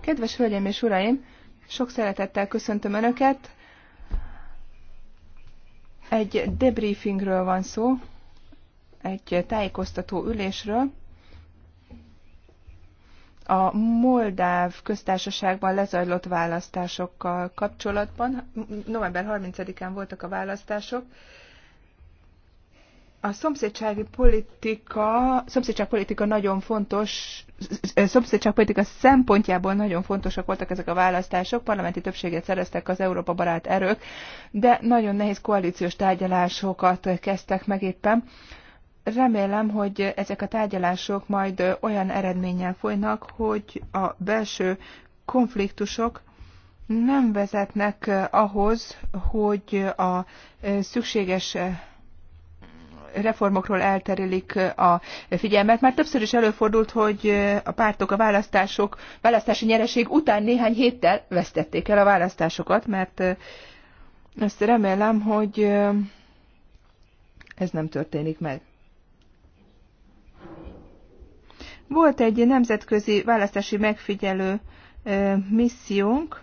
Kedves Hölgyeim és Uraim, sok szeretettel köszöntöm Önöket. Egy debriefingről van szó, egy tájékoztató ülésről. A Moldáv köztársaságban lezajlott választásokkal kapcsolatban, november 30-án voltak a választások, a szomszédsági politika, politika nagyon fontos, politika szempontjából nagyon fontosak voltak ezek a választások, parlamenti többséget szereztek az Európa barát erők, de nagyon nehéz koalíciós tárgyalásokat kezdtek meg éppen. Remélem, hogy ezek a tárgyalások majd olyan eredménnyel folynak, hogy a belső konfliktusok nem vezetnek ahhoz, hogy a szükséges reformokról elterelik eh, a figyelmet. Már többször is előfordult, hogy eh, a pártok a választások, választási nyereség után néhány héttel vesztették el a választásokat, mert ezt eh, remélem, hogy ez nem történik meg. Volt egy nemzetközi választási megfigyelő missziónk,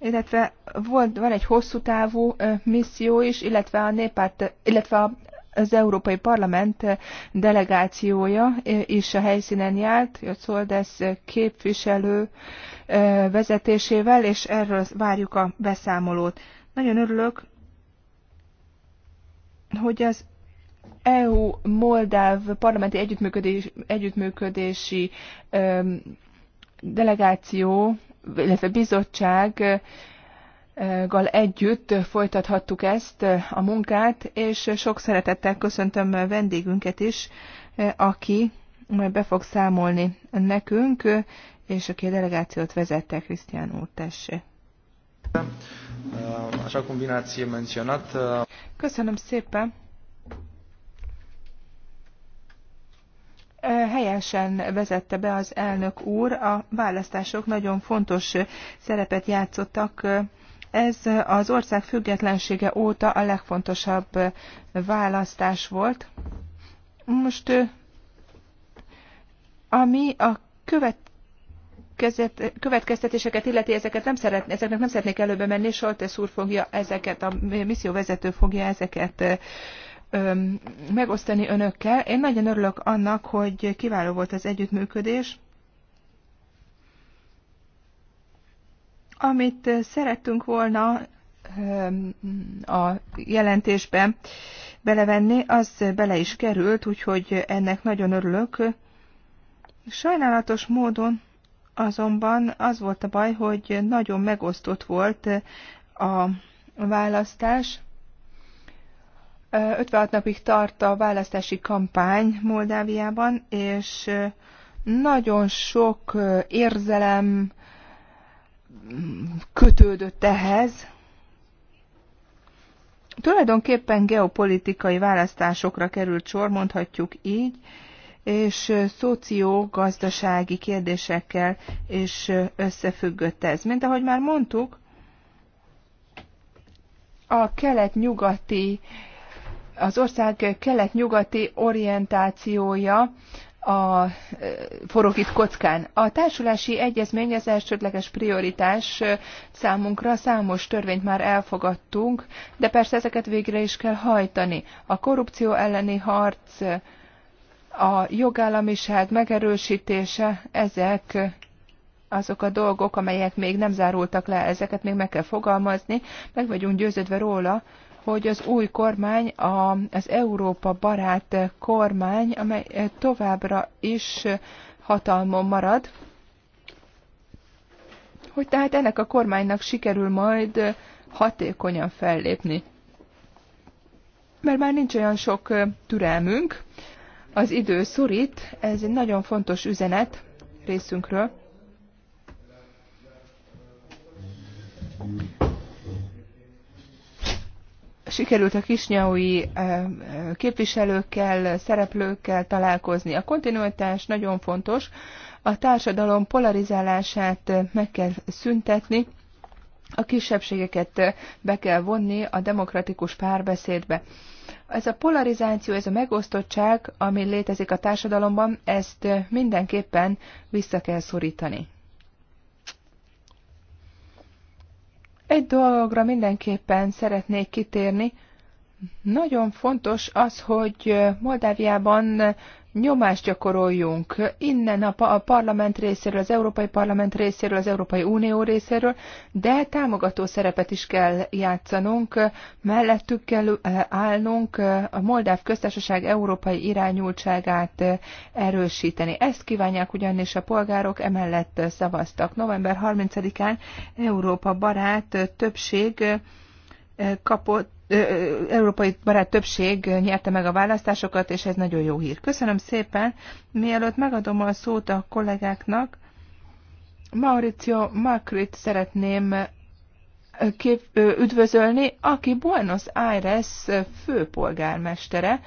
illetve volt, van egy hosszú távú misszió is, illetve a néppárt, illetve a az Európai Parlament delegációja e, is a helyszínen járt, Jocsoldesz képviselő e, vezetésével, és erről várjuk a beszámolót. Nagyon örülök, hogy az EU-Moldáv parlamenti együttműködés, együttműködési e, delegáció, illetve bizottság gal együtt folytathattuk ezt a munkát, és sok szeretettel köszöntöm vendégünket is, aki majd be fog számolni nekünk, és aki a delegációt vezette, Krisztián úr, tessék. Köszönöm szépen. helyesen vezette be az elnök úr, a választások nagyon fontos szerepet játszottak ez az ország függetlensége óta a legfontosabb választás volt. Most ami a követ következtetéseket illeti, ezeket nem szeret, ezeknek nem szeretnék előbe menni, Soltesz úr fogja ezeket, a misszióvezető fogja ezeket megosztani önökkel. Én nagyon örülök annak, hogy kiváló volt az együttműködés. amit eh, szerettünk volna ehm, a jelentésbe belevenni, az bele is került, úgyhogy ennek nagyon örülök. Sajnálatos módon azonban az volt a baj, hogy nagyon megosztott volt eh, a választás. 56 eh, napig tart a választási kampány Moldáviában, és nagyon sok érzelem, kötődött ehhez. Tulajdonképpen geopolitikai választásokra került sor, mondhatjuk így, és szociogazdasági kérdésekkel is összefüggött ez. Mint ahogy már mondtuk, a kelet-nyugati az ország kelet-nyugati orientációja a, forog itt kockán. A társulási egyezmény az elsődleges prioritás számunkra, számos törvényt már elfogadtunk, de persze ezeket végre is kell hajtani. A korrupció elleni harc, a jogállamiság megerősítése, ezek azok a dolgok, amelyek még nem zárultak le, ezeket még meg kell fogalmazni, meg vagyunk győződve róla, hogy az új kormány, a, az Európa barát kormány, amely eh, továbbra is hatalmon marad, hogy tehát ennek a kormánynak sikerül majd hatékonyan fellépni. Mert már nincs olyan sok eh, türelmünk, az idő szorít, ez egy nagyon fontos üzenet részünkről sikerült a kisnyaui képviselőkkel, szereplőkkel találkozni. A kontinuitás nagyon fontos, a társadalom polarizálását meg kell szüntetni, a kisebbségeket be kell vonni a demokratikus párbeszédbe. Ez a polarizáció, ez a megosztottság, ami létezik a társadalomban, ezt mindenképpen vissza kell szorítani. Egy dologra mindenképpen szeretnék kitérni. Nagyon fontos az, hogy Moldáviában nyomást gyakoroljunk innen a, parlament részéről, az Európai Parlament részéről, az Európai Unió részéről, de támogató szerepet is kell játszanunk, mellettük kell állnunk a Moldáv köztársaság európai irányultságát erősíteni. Ezt kívánják ugyanis a polgárok, emellett szavaztak. November 30-án Európa barát többség kapott európai barát többség nyerte meg a választásokat, és ez nagyon jó hír. Köszönöm szépen. Mielőtt megadom a szót a kollégáknak, Mauricio Macrit szeretném kép, üdvözölni, aki Buenos Aires főpolgármestere.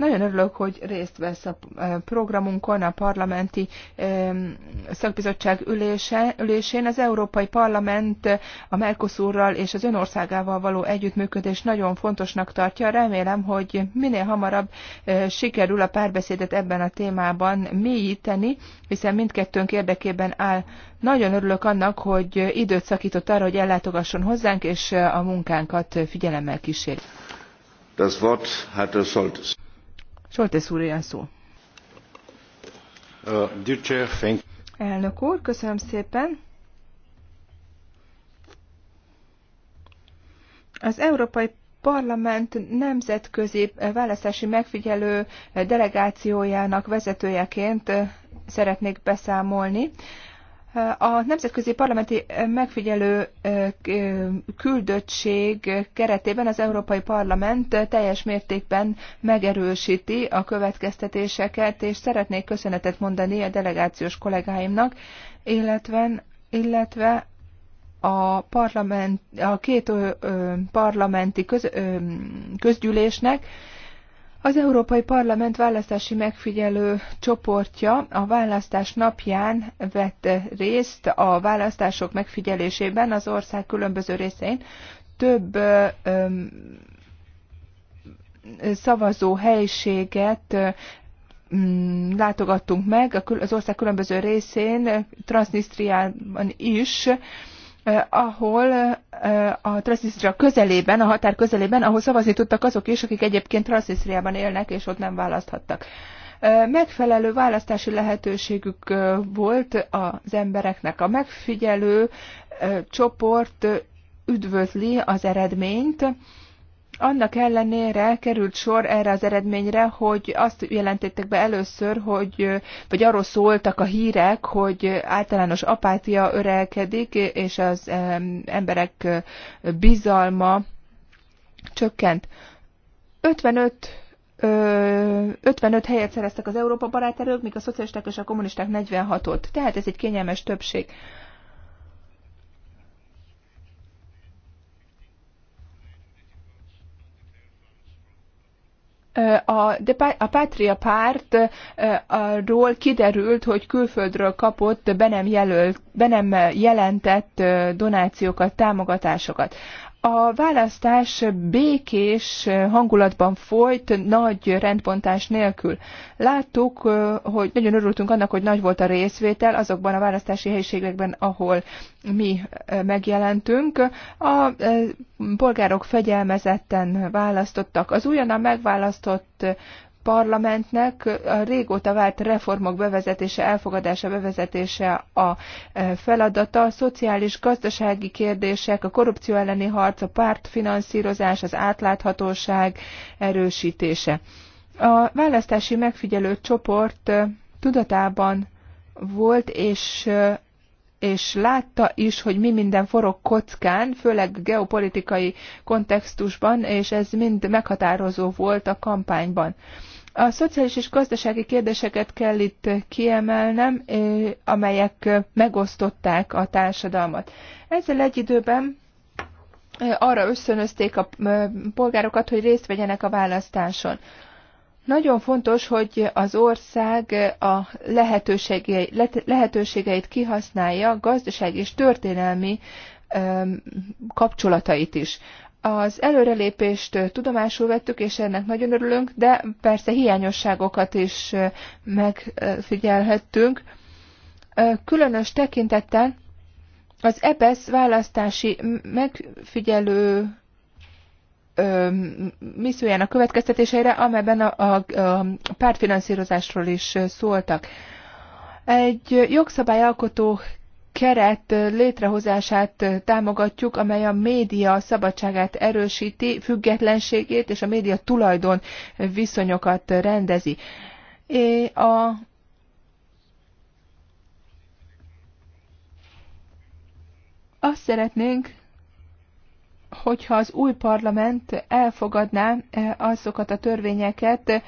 Nagyon örülök, hogy részt vesz a eh, programunkon, a parlamenti eh, szakbizottság ülése, ülésén. Az Európai Parlament eh, a Mercosurral és az önországával való együttműködés nagyon fontosnak tartja. Remélem, hogy minél hamarabb sikerül a párbeszédet ebben a témában mélyíteni, hiszen mindkettőnk érdekében áll. Nagyon örülök annak, hogy időt szakított arra, hogy ellátogasson hozzánk, és a munkánkat figyelemmel kísérjük. Das Wort hat Herr Soltész úr, ilyen szó. Uh, Elnök úr, köszönöm szépen. Az Európai Parlament nemzetközi választási megfigyelő delegációjának vezetőjeként eh, szeretnék beszámolni a Nemzetközi Parlamenti Megfigyelő Küldöttség keretében az Európai Parlament teljes mértékben megerősíti a következtetéseket, és szeretnék köszönetet mondani a delegációs kollégáimnak, illetve, illetve a, parlament, a két parlamenti köz, közgyűlésnek, az Európai Parlament választási megfigyelő csoportja a választás napján vett részt a választások megfigyelésében az ország különböző részein. Több szavazó helységet látogattunk meg az ország különböző részén, Transnistriában is Eh, ahol eh, a Transnistria közelében, a határ közelében, ahol szavazni tudtak azok is, akik egyébként Transnistriában élnek, és ott nem választhattak. Eh, megfelelő választási lehetőségük volt az embereknek. A megfigyelő csoport üdvözli az eredményt, annak ellenére került sor erre az eredményre, hogy azt jelentettek be először, hogy, vagy arról szóltak a hírek, hogy általános apátia örelkedik, és az emberek bizalma csökkent. 55 55 helyet szereztek az Európa barát erők, míg a szocialisták és a kommunisták 46-ot. Tehát ez egy kényelmes többség. a, de a Pátria párt arról kiderült, hogy külföldről kapott be nem, jelölt, be nem jelentett donációkat, támogatásokat. A választás békés hangulatban folyt, nagy rendbontás nélkül. Láttuk, hogy nagyon örültünk annak, hogy nagy volt a részvétel azokban a választási helyiségekben, ahol mi megjelentünk. A polgárok fegyelmezetten választottak. Az újonnan megválasztott parlamentnek régóta vált reformok bevezetése, elfogadása, bevezetése a feladata, a szociális, gazdasági kérdések, a korrupció elleni harc, a pártfinanszírozás, az átláthatóság erősítése. A választási megfigyelő csoport tudatában volt és és látta is, hogy mi minden forog kockán, főleg geopolitikai kontextusban, és ez mind meghatározó volt a kampányban. A szociális és gazdasági kérdéseket kell itt kiemelnem, eh, amelyek megosztották a társadalmat. Ezzel egy időben eh, arra összönözték a eh, polgárokat, hogy részt vegyenek a választáson. Nagyon fontos, hogy az ország a lehetőségei, lehetőségeit kihasználja, gazdaság és történelmi kapcsolatait is. Az előrelépést tudomásul vettük, és ennek nagyon örülünk, de persze hiányosságokat is megfigyelhettünk. Különös tekintettel az EBESZ választási megfigyelő missziójának következtetéseire, amelyben a, a, a pártfinanszírozásról is szóltak. Egy jogszabályalkotó keret létrehozását támogatjuk, amely a média szabadságát erősíti, függetlenségét és a média tulajdon viszonyokat rendezi. A azt szeretnénk, hogyha az új parlament elfogadná eh, azokat a törvényeket,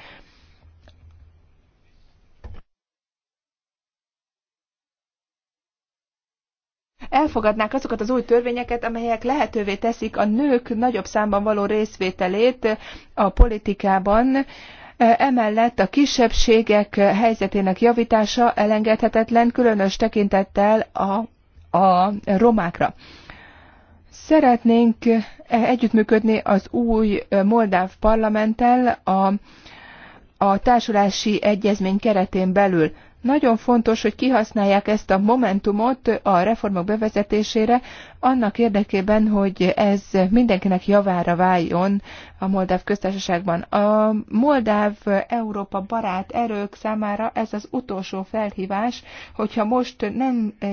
elfogadnák azokat az új törvényeket, amelyek lehetővé teszik a nők nagyobb számban való részvételét a politikában, eh, Emellett a kisebbségek helyzetének javítása elengedhetetlen, különös tekintettel a, a romákra. Szeretnénk eh, együttműködni az új eh, moldáv parlamenttel a, a társulási egyezmény keretén belül. Nagyon fontos, hogy kihasználják ezt a momentumot a reformok bevezetésére, annak érdekében, hogy ez mindenkinek javára váljon a Moldáv köztársaságban. A Moldáv Európa barát erők számára ez az utolsó felhívás, hogyha most nem eh,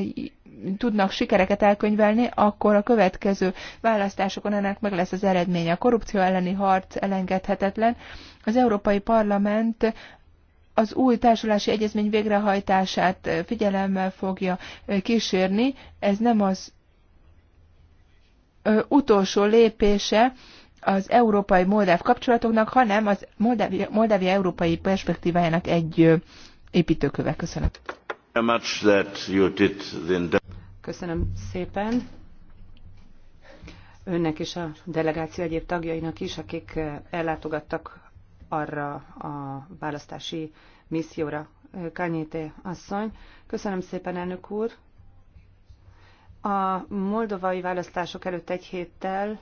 tudnak sikereket elkönyvelni, akkor a következő választásokon ennek meg lesz az eredménye. A korrupció elleni harc elengedhetetlen. Az Európai Parlament az új társulási egyezmény végrehajtását figyelemmel fogja kísérni. Ez nem az utolsó lépése az európai moldáv kapcsolatoknak, hanem az Moldávia, európai perspektívájának egy építőköve. Köszönöm. Köszönöm szépen önnek és a delegáció egyéb tagjainak is, akik eh, ellátogattak arra a választási misszióra. Eh, Kanyéte asszony, köszönöm szépen, elnök úr. A moldovai választások előtt egy héttel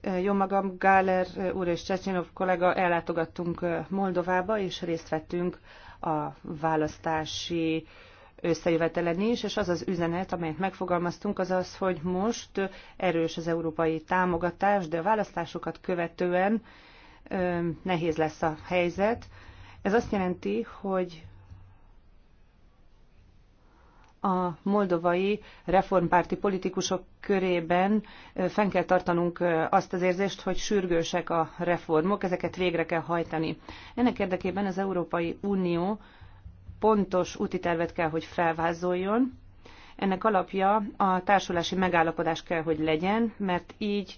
eh, jó magam, Gáler úr és Csecsinov kollega ellátogattunk Moldovába, és részt vettünk a választási összejövetelen is, és az az üzenet, amelyet megfogalmaztunk, az az, hogy most erős az európai támogatás, de a választásokat követően nehéz lesz a helyzet. Ez azt jelenti, hogy a moldovai reformpárti politikusok körében fenn kell tartanunk azt az érzést, hogy sürgősek a reformok, ezeket végre kell hajtani. Ennek érdekében az Európai Unió pontos tervet kell, hogy felvázoljon. Ennek alapja a társulási megállapodás kell, hogy legyen, mert így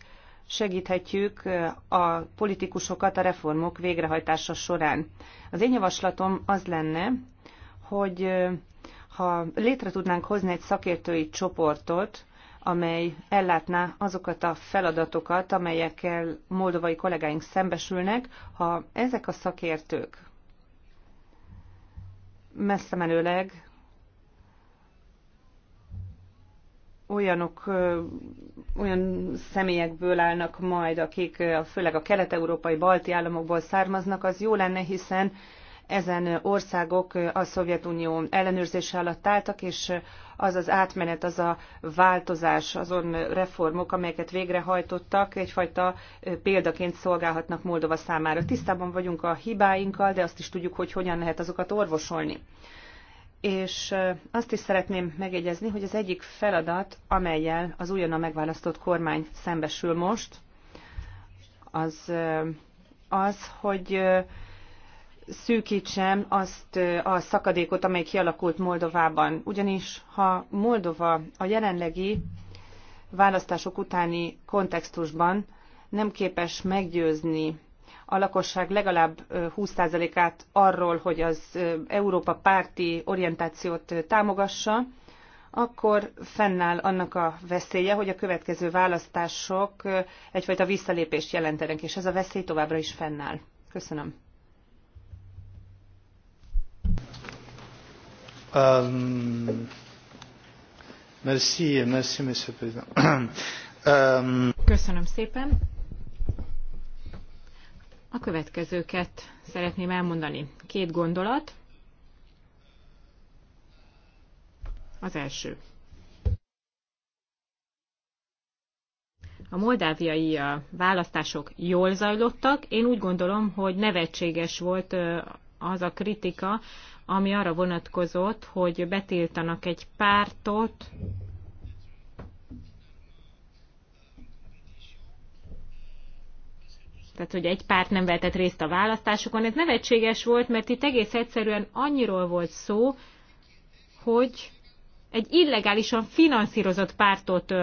segíthetjük a politikusokat a reformok végrehajtása során. Az én javaslatom az lenne, hogy ha létre tudnánk hozni egy szakértői csoportot, amely ellátná azokat a feladatokat, amelyekkel moldovai kollégáink szembesülnek, ha ezek a szakértők messze menőleg olyanok, olyan személyekből állnak majd, akik főleg a kelet-európai balti államokból származnak, az jó lenne, hiszen ezen országok a Szovjetunió ellenőrzése alatt álltak, és az az átmenet, az a változás, azon reformok, amelyeket végrehajtottak, egyfajta példaként szolgálhatnak Moldova számára. Tisztában vagyunk a hibáinkkal, de azt is tudjuk, hogy hogyan lehet azokat orvosolni. És azt is szeretném megjegyezni, hogy az egyik feladat, amelyel az újonnan megválasztott kormány szembesül most, az az, hogy szűkítsem azt a szakadékot, amely kialakult Moldovában. Ugyanis ha Moldova a jelenlegi választások utáni kontextusban nem képes meggyőzni a lakosság legalább 20%-át arról, hogy az Európa párti orientációt támogassa, akkor fennáll annak a veszélye, hogy a következő választások egyfajta visszalépést jelentenek, és ez a veszély továbbra is fennáll. Köszönöm. Um, um, Köszönöm szépen. A következőket szeretném elmondani. Két gondolat. Az első. A moldáviai uh, választások jól zajlottak. Én úgy gondolom, hogy nevetséges volt uh, az a kritika, ami arra vonatkozott, hogy betiltanak egy pártot, tehát hogy egy párt nem vehetett részt a választásokon. Ez nevetséges volt, mert itt egész egyszerűen annyiról volt szó, hogy egy illegálisan finanszírozott pártot,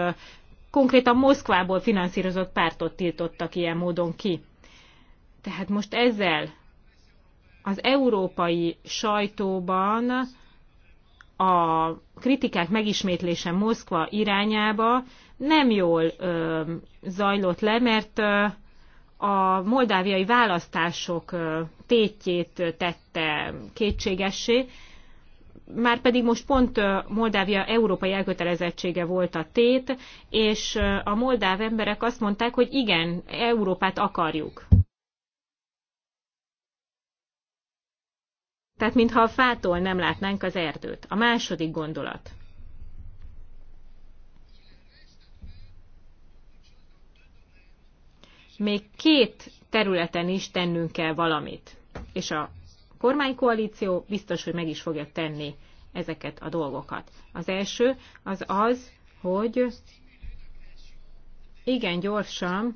konkrétan Moszkvából finanszírozott pártot tiltottak ilyen módon ki. Tehát most ezzel az európai sajtóban a kritikák megismétlése Moszkva irányába nem jól ö, zajlott le, mert ö, a moldáviai választások ö, tétjét tette kétségessé, már pedig most pont Moldávia európai elkötelezettsége volt a tét, és a moldáv emberek azt mondták, hogy igen, Európát akarjuk. Tehát, mintha a fától nem látnánk az erdőt. A második gondolat. Még két területen is tennünk kell valamit. És a kormánykoalíció biztos, hogy meg is fogja tenni ezeket a dolgokat. Az első az az, hogy igen gyorsan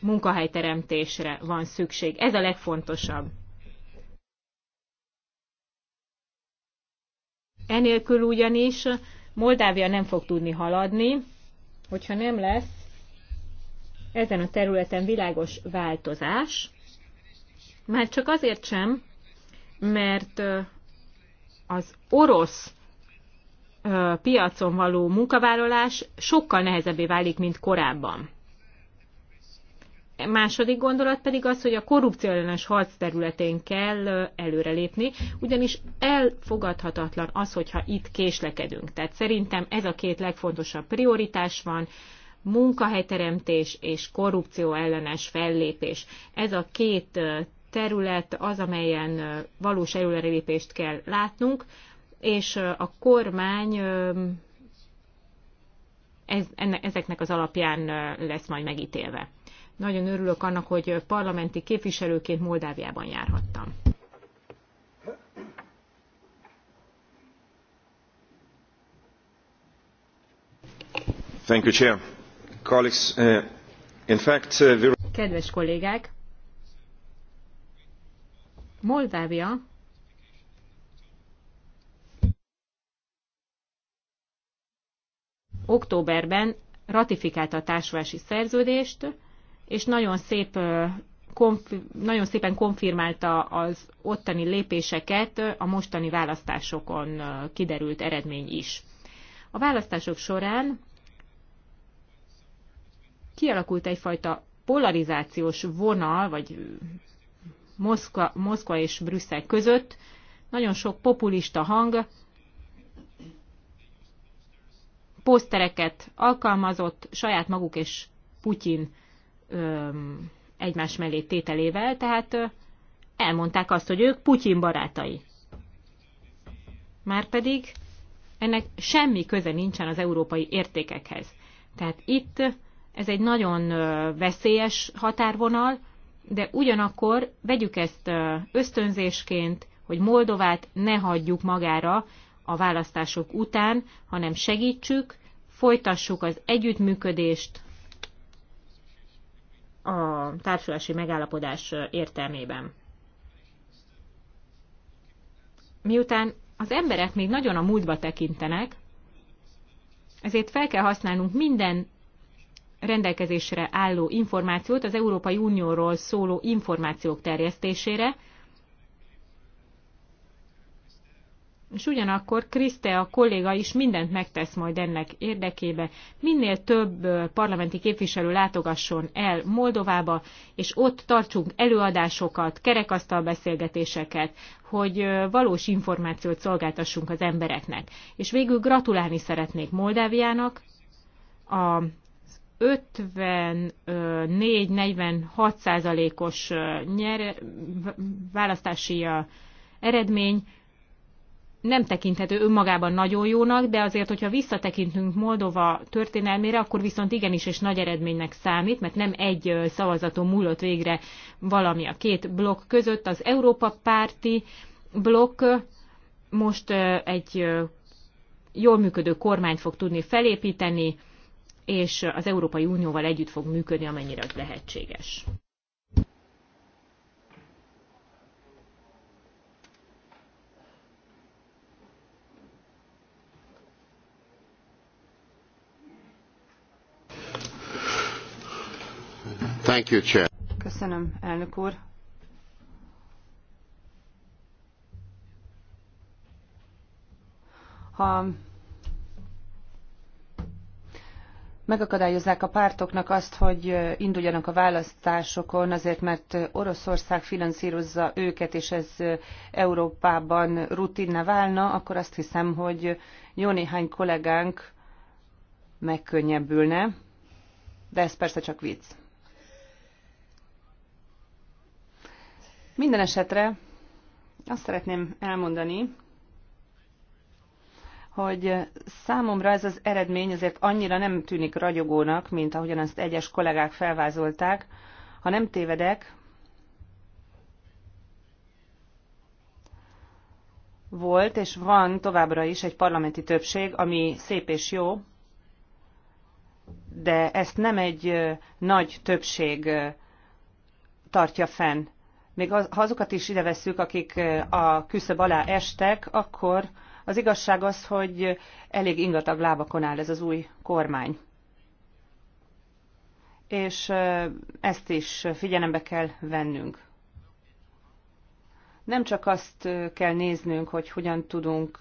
munkahelyteremtésre van szükség. Ez a legfontosabb. Enélkül ugyanis Moldávia nem fog tudni haladni, hogyha nem lesz ezen a területen világos változás, már csak azért sem, mert az orosz piacon való munkavállalás sokkal nehezebbé válik, mint korábban. Második gondolat pedig az, hogy a korrupció ellenes harc területén kell előrelépni, ugyanis elfogadhatatlan az, hogyha itt késlekedünk. Tehát szerintem ez a két legfontosabb prioritás van, munkahelyteremtés és korrupció ellenes fellépés. Ez a két terület az, amelyen valós előrelépést kell látnunk, és a kormány ez, enne, ezeknek az alapján lesz majd megítélve. Nagyon örülök annak, hogy parlamenti képviselőként Moldáviában járhattam. Thank you, Chair. Colleagues, uh, in fact, uh, Kedves kollégák, Moldávia októberben ratifikálta a társulási szerződést, és nagyon, szép, Konf- nagyon szépen konfirmálta az ottani lépéseket a mostani választásokon kiderült eredmény is. A választások során kialakult egyfajta polarizációs vonal, vagy Moszkva, Moszkva és Brüsszel között, nagyon sok populista hang posztereket alkalmazott saját maguk és Putyin egymás mellé tételével, tehát elmondták azt, hogy ők Putyin barátai. Márpedig ennek semmi köze nincsen az európai értékekhez. Tehát itt ez egy nagyon veszélyes határvonal, de ugyanakkor vegyük ezt ösztönzésként, hogy Moldovát ne hagyjuk magára a választások után, hanem segítsük, folytassuk az együttműködést a társulási megállapodás értelmében. Miután az emberek még nagyon a múltba tekintenek, ezért fel kell használnunk minden rendelkezésre álló információt az Európai Unióról szóló információk terjesztésére, És ugyanakkor Kriszte a kolléga is mindent megtesz majd ennek érdekébe. Minél több parlamenti képviselő látogasson el Moldovába, és ott tartsunk előadásokat, kerekasztal beszélgetéseket, hogy valós információt szolgáltassunk az embereknek. És végül gratulálni szeretnék Moldáviának a 54-46 százalékos választási eredmény nem tekinthető önmagában nagyon jónak, de azért, hogyha visszatekintünk Moldova történelmére, akkor viszont igenis és nagy eredménynek számít, mert nem egy szavazaton múlott végre valami a két blokk között. Az Európa párti blokk most egy jól működő kormányt fog tudni felépíteni, és az Európai Unióval együtt fog működni, amennyire az lehetséges. Thank you, Chair. Köszönöm, elnök úr. Ha megakadályozzák a pártoknak azt, hogy induljanak a választásokon, azért mert Oroszország finanszírozza őket, és ez Európában rutinná válna, akkor azt hiszem, hogy jó néhány kollégánk megkönnyebbülne, de ez persze csak vicc. Minden esetre azt szeretném elmondani, hogy számomra ez az eredmény azért annyira nem tűnik ragyogónak, mint ahogyan azt egyes kollégák felvázolták. Ha nem tévedek, volt és van továbbra is egy parlamenti többség, ami szép és jó, de ezt nem egy nagy többség tartja fenn még ha azokat is ide veszük, akik a küszöb alá estek, akkor az igazság az, hogy elég ingatag lábakon áll ez az új kormány. És ezt is figyelembe kell vennünk. Nem csak azt kell néznünk, hogy hogyan tudunk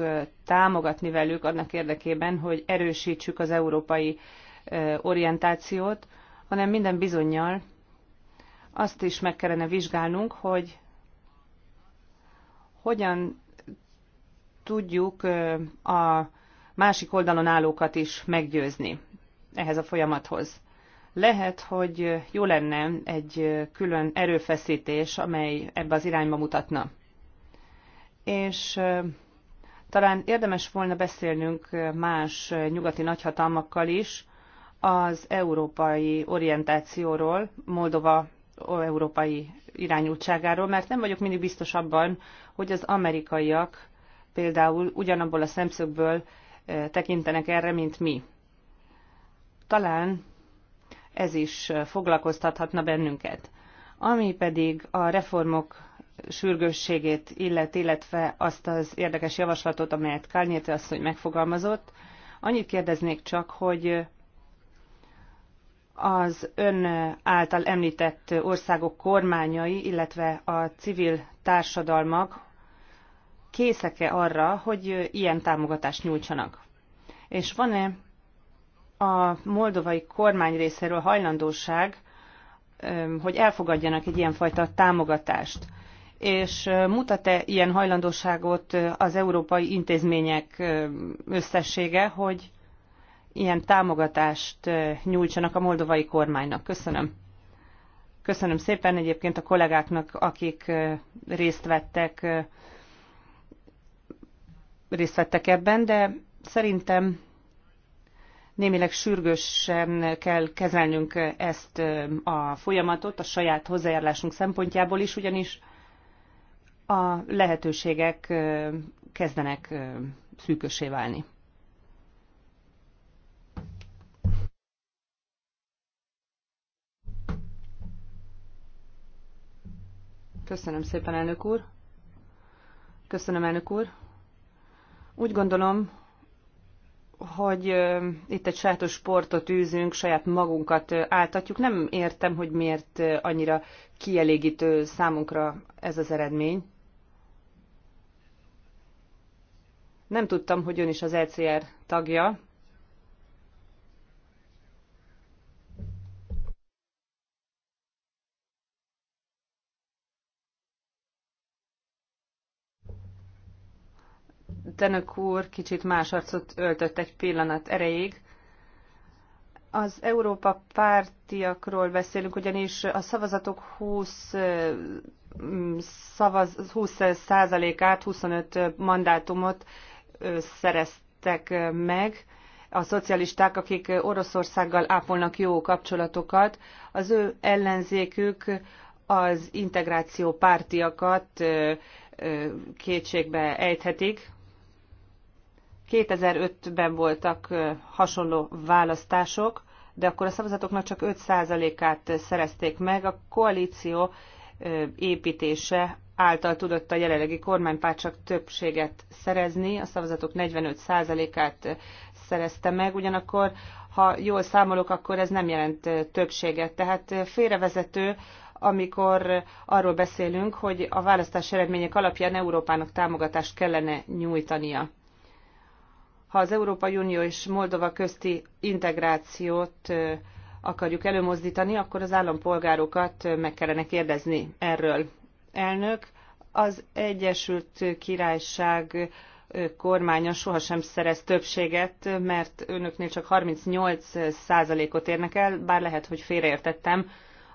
támogatni velük annak érdekében, hogy erősítsük az európai orientációt, hanem minden bizonyal azt is meg kellene vizsgálnunk, hogy hogyan tudjuk a másik oldalon állókat is meggyőzni ehhez a folyamathoz. Lehet, hogy jó lenne egy külön erőfeszítés, amely ebbe az irányba mutatna. És talán érdemes volna beszélnünk más nyugati nagyhatalmakkal is az európai orientációról, Moldova európai irányultságáról, mert nem vagyok mindig biztos abban, hogy az amerikaiak például ugyanabból a szemszögből e, tekintenek erre, mint mi. Talán ez is e, foglalkoztathatna bennünket. Ami pedig a reformok sürgősségét illet, illetve azt az érdekes javaslatot, amelyet Kárnyéte asszony megfogalmazott, annyit kérdeznék csak, hogy az ön által említett országok kormányai, illetve a civil társadalmak készek-e arra, hogy ilyen támogatást nyújtsanak? És van-e a moldovai kormány részéről hajlandóság, hogy elfogadjanak egy ilyenfajta támogatást? És mutat-e ilyen hajlandóságot az európai intézmények összessége, hogy ilyen támogatást nyújtsanak a moldovai kormánynak. Köszönöm. Köszönöm szépen egyébként a kollégáknak, akik részt vettek, részt vettek ebben, de szerintem némileg sürgősen kell kezelnünk ezt a folyamatot a saját hozzájárlásunk szempontjából is, ugyanis a lehetőségek kezdenek szűkösé válni. Köszönöm szépen, elnök úr. Köszönöm, elnök úr. Úgy gondolom, hogy itt egy sajátos sportot űzünk, saját magunkat áltatjuk. Nem értem, hogy miért annyira kielégítő számunkra ez az eredmény. Nem tudtam, hogy ön is az ECR tagja, Tenök úr kicsit más arcot öltött egy pillanat erejéig. Az Európa pártiakról beszélünk, ugyanis a szavazatok 20 mm, szavaz, 20 százalékát, 25 mandátumot szereztek meg a szocialisták, akik Oroszországgal ápolnak jó kapcsolatokat. Az ő ellenzékük az integráció pártiakat kétségbe ejthetik, 2005-ben voltak hasonló választások, de akkor a szavazatoknak csak 5%-át szerezték meg. A koalíció építése által tudott a jelenlegi kormánypárt csak többséget szerezni, a szavazatok 45%-át szerezte meg, ugyanakkor, ha jól számolok, akkor ez nem jelent többséget. Tehát félrevezető, amikor arról beszélünk, hogy a választás eredmények alapján Európának támogatást kellene nyújtania ha az Európai Unió és Moldova közti integrációt akarjuk előmozdítani, akkor az állampolgárokat meg kellene kérdezni erről. Elnök, az Egyesült Királyság kormánya sohasem szerez többséget, mert önöknél csak 38 százalékot érnek el, bár lehet, hogy félreértettem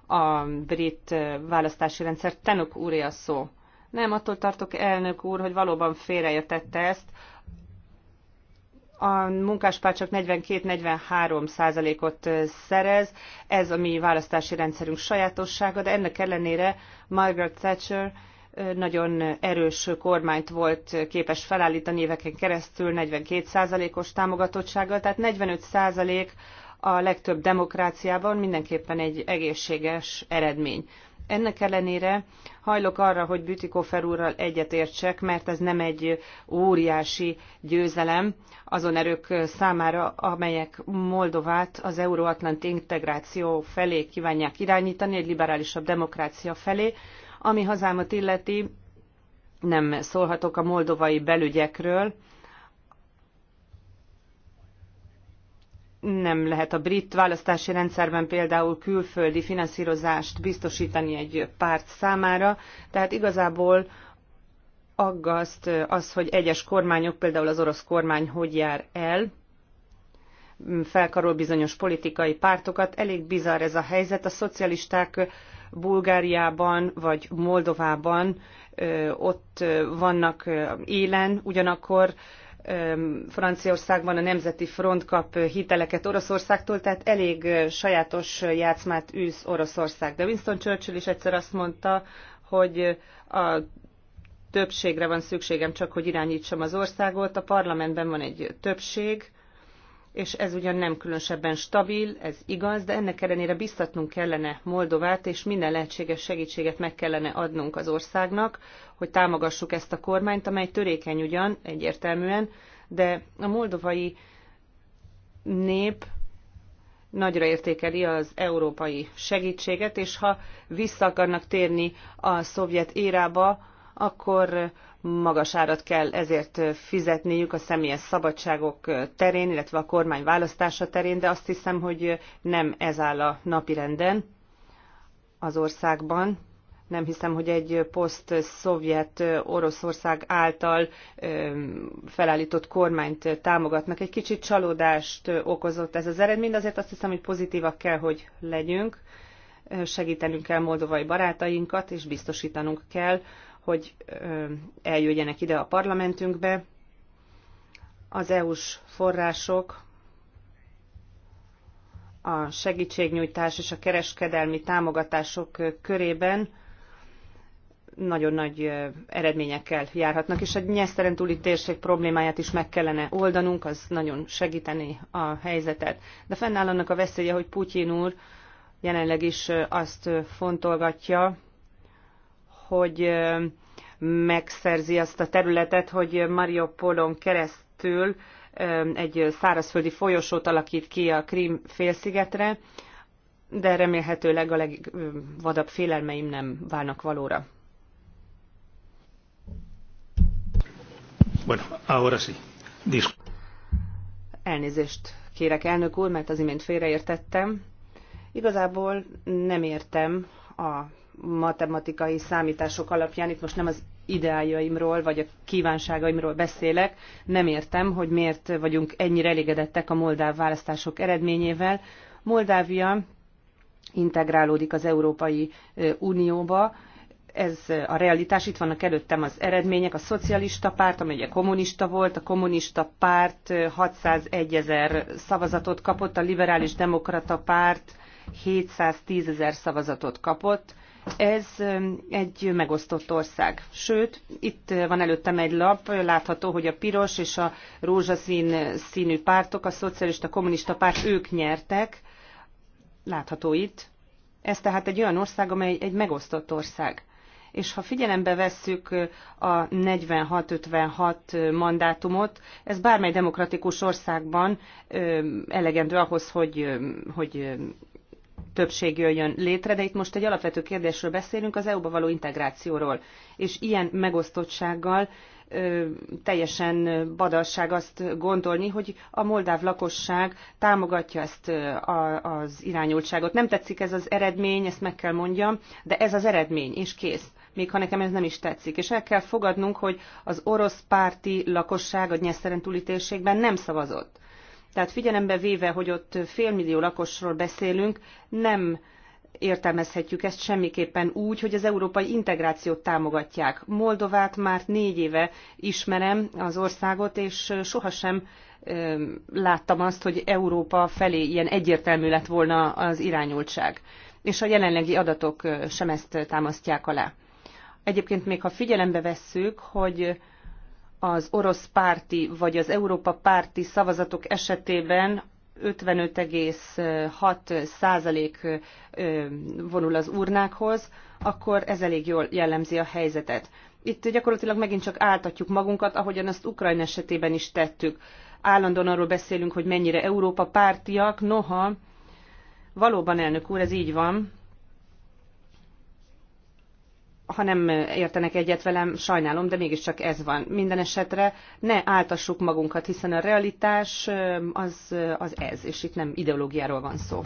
a brit választási rendszer. Tenok úr a szó. Nem, attól tartok, elnök úr, hogy valóban félreértette ezt a munkáspár csak 42-43 százalékot szerez. Ez a mi választási rendszerünk sajátossága, de ennek ellenére Margaret Thatcher nagyon erős kormányt volt képes felállítani éveken keresztül 42 százalékos támogatottsággal, tehát 45 százalék a legtöbb demokráciában mindenképpen egy egészséges eredmény. Ennek ellenére hajlok arra, hogy Bütikofer úrral egyetértsek, mert ez nem egy óriási győzelem azon erők számára, amelyek Moldovát az euróatlanti integráció felé kívánják irányítani, egy liberálisabb demokrácia felé. Ami hazámat illeti, nem szólhatok a moldovai belügyekről, nem lehet a brit választási rendszerben például külföldi finanszírozást biztosítani egy párt számára, tehát igazából aggaszt az, hogy egyes kormányok, például az orosz kormány hogy jár el, felkarol bizonyos politikai pártokat. Elég bizarr ez a helyzet. A szocialisták Bulgáriában vagy Moldovában ott vannak élen, ugyanakkor Franciaországban a Nemzeti Front kap hiteleket Oroszországtól, tehát elég sajátos játszmát űz Oroszország. De Winston Churchill is egyszer azt mondta, hogy a többségre van szükségem csak, hogy irányítsam az országot. A parlamentben van egy többség, és ez ugyan nem különösebben stabil, ez igaz, de ennek ellenére biztatnunk kellene Moldovát, és minden lehetséges segítséget meg kellene adnunk az országnak, hogy támogassuk ezt a kormányt, amely törékeny ugyan, egyértelműen, de a moldovai nép nagyra értékeli az európai segítséget, és ha vissza akarnak térni a szovjet érába, akkor magas árat kell ezért fizetniük a személyes szabadságok terén, illetve a kormány választása terén, de azt hiszem, hogy nem ez áll a napirenden az országban. Nem hiszem, hogy egy poszt-szovjet Oroszország által felállított kormányt támogatnak. Egy kicsit csalódást okozott ez az eredmény, de azért azt hiszem, hogy pozitívak kell, hogy legyünk. Segítenünk kell moldovai barátainkat, és biztosítanunk kell, hogy eljöjjenek ide a parlamentünkbe. Az EU-s források, a segítségnyújtás és a kereskedelmi támogatások körében nagyon nagy eredményekkel járhatnak, és a nyeszteren túli térség problémáját is meg kellene oldanunk, az nagyon segíteni a helyzetet. De fennáll annak a veszélye, hogy Putyin úr jelenleg is azt fontolgatja, hogy megszerzi azt a területet, hogy Mariupolon keresztül egy szárazföldi folyosót alakít ki a Krím félszigetre, de remélhetőleg a legvadabb félelmeim nem válnak valóra. Bueno, ahora sí. Dis Elnézést kérek, elnök úr, mert az imént félreértettem. Igazából nem értem a matematikai számítások alapján, itt most nem az ideájaimról vagy a kívánságaimról beszélek, nem értem, hogy miért vagyunk ennyire elégedettek a moldáv választások eredményével. Moldávia integrálódik az Európai Unióba, ez a realitás, itt vannak előttem az eredmények, a szocialista párt, amely ugye kommunista volt, a kommunista párt 601 ezer szavazatot kapott, a liberális demokrata párt 710 ezer szavazatot kapott, ez egy megosztott ország. Sőt, itt van előttem egy lap, látható, hogy a piros és a rózsaszín színű pártok, a szocialista, kommunista párt, ők nyertek. Látható itt. Ez tehát egy olyan ország, amely egy megosztott ország és ha figyelembe vesszük a 46-56 mandátumot, ez bármely demokratikus országban elegendő ahhoz, hogy, hogy többség jöjjön létre, de itt most egy alapvető kérdésről beszélünk, az EU-ba való integrációról. És ilyen megosztottsággal teljesen badalság azt gondolni, hogy a moldáv lakosság támogatja ezt a, az irányultságot. Nem tetszik ez az eredmény, ezt meg kell mondjam, de ez az eredmény, és kész még ha nekem ez nem is tetszik. És el kell fogadnunk, hogy az orosz párti lakosság a Nyeszteren túli nem szavazott. Tehát figyelembe véve, hogy ott félmillió lakosról beszélünk, nem értelmezhetjük ezt semmiképpen úgy, hogy az európai integrációt támogatják. Moldovát már négy éve ismerem az országot, és sohasem láttam azt, hogy Európa felé ilyen egyértelmű lett volna az irányultság. És a jelenlegi adatok sem ezt támasztják alá. Egyébként még ha figyelembe vesszük, hogy az orosz párti vagy az Európa párti szavazatok esetében 55,6 százalék vonul az urnákhoz, akkor ez elég jól jellemzi a helyzetet. Itt gyakorlatilag megint csak áltatjuk magunkat, ahogyan azt Ukrajna esetében is tettük. Állandóan arról beszélünk, hogy mennyire Európa pártiak, noha valóban elnök úr, ez így van, ha nem értenek egyet velem, sajnálom, de mégiscsak ez van. Minden esetre ne áltassuk magunkat, hiszen a realitás az, az ez, és itt nem ideológiáról van szó.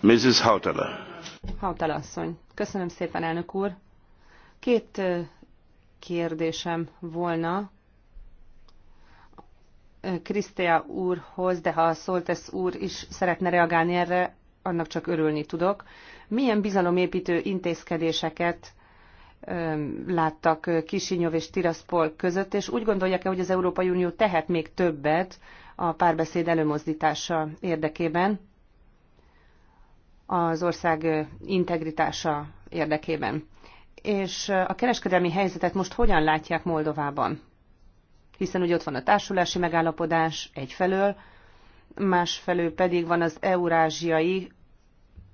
Mrs. Hautala. Hautala asszony. Köszönöm szépen, elnök úr. Két kérdésem volna Krisztia úrhoz, de ha Szoltesz úr is szeretne reagálni erre, annak csak örülni tudok. Milyen bizalomépítő intézkedéseket láttak Kisinyov és Tiraspol között, és úgy gondolják-e, hogy az Európai Unió tehet még többet a párbeszéd előmozdítása érdekében, az ország integritása érdekében. És a kereskedelmi helyzetet most hogyan látják Moldovában? Hiszen ugye ott van a társulási megállapodás egyfelől, másfelől pedig van az eurázsiai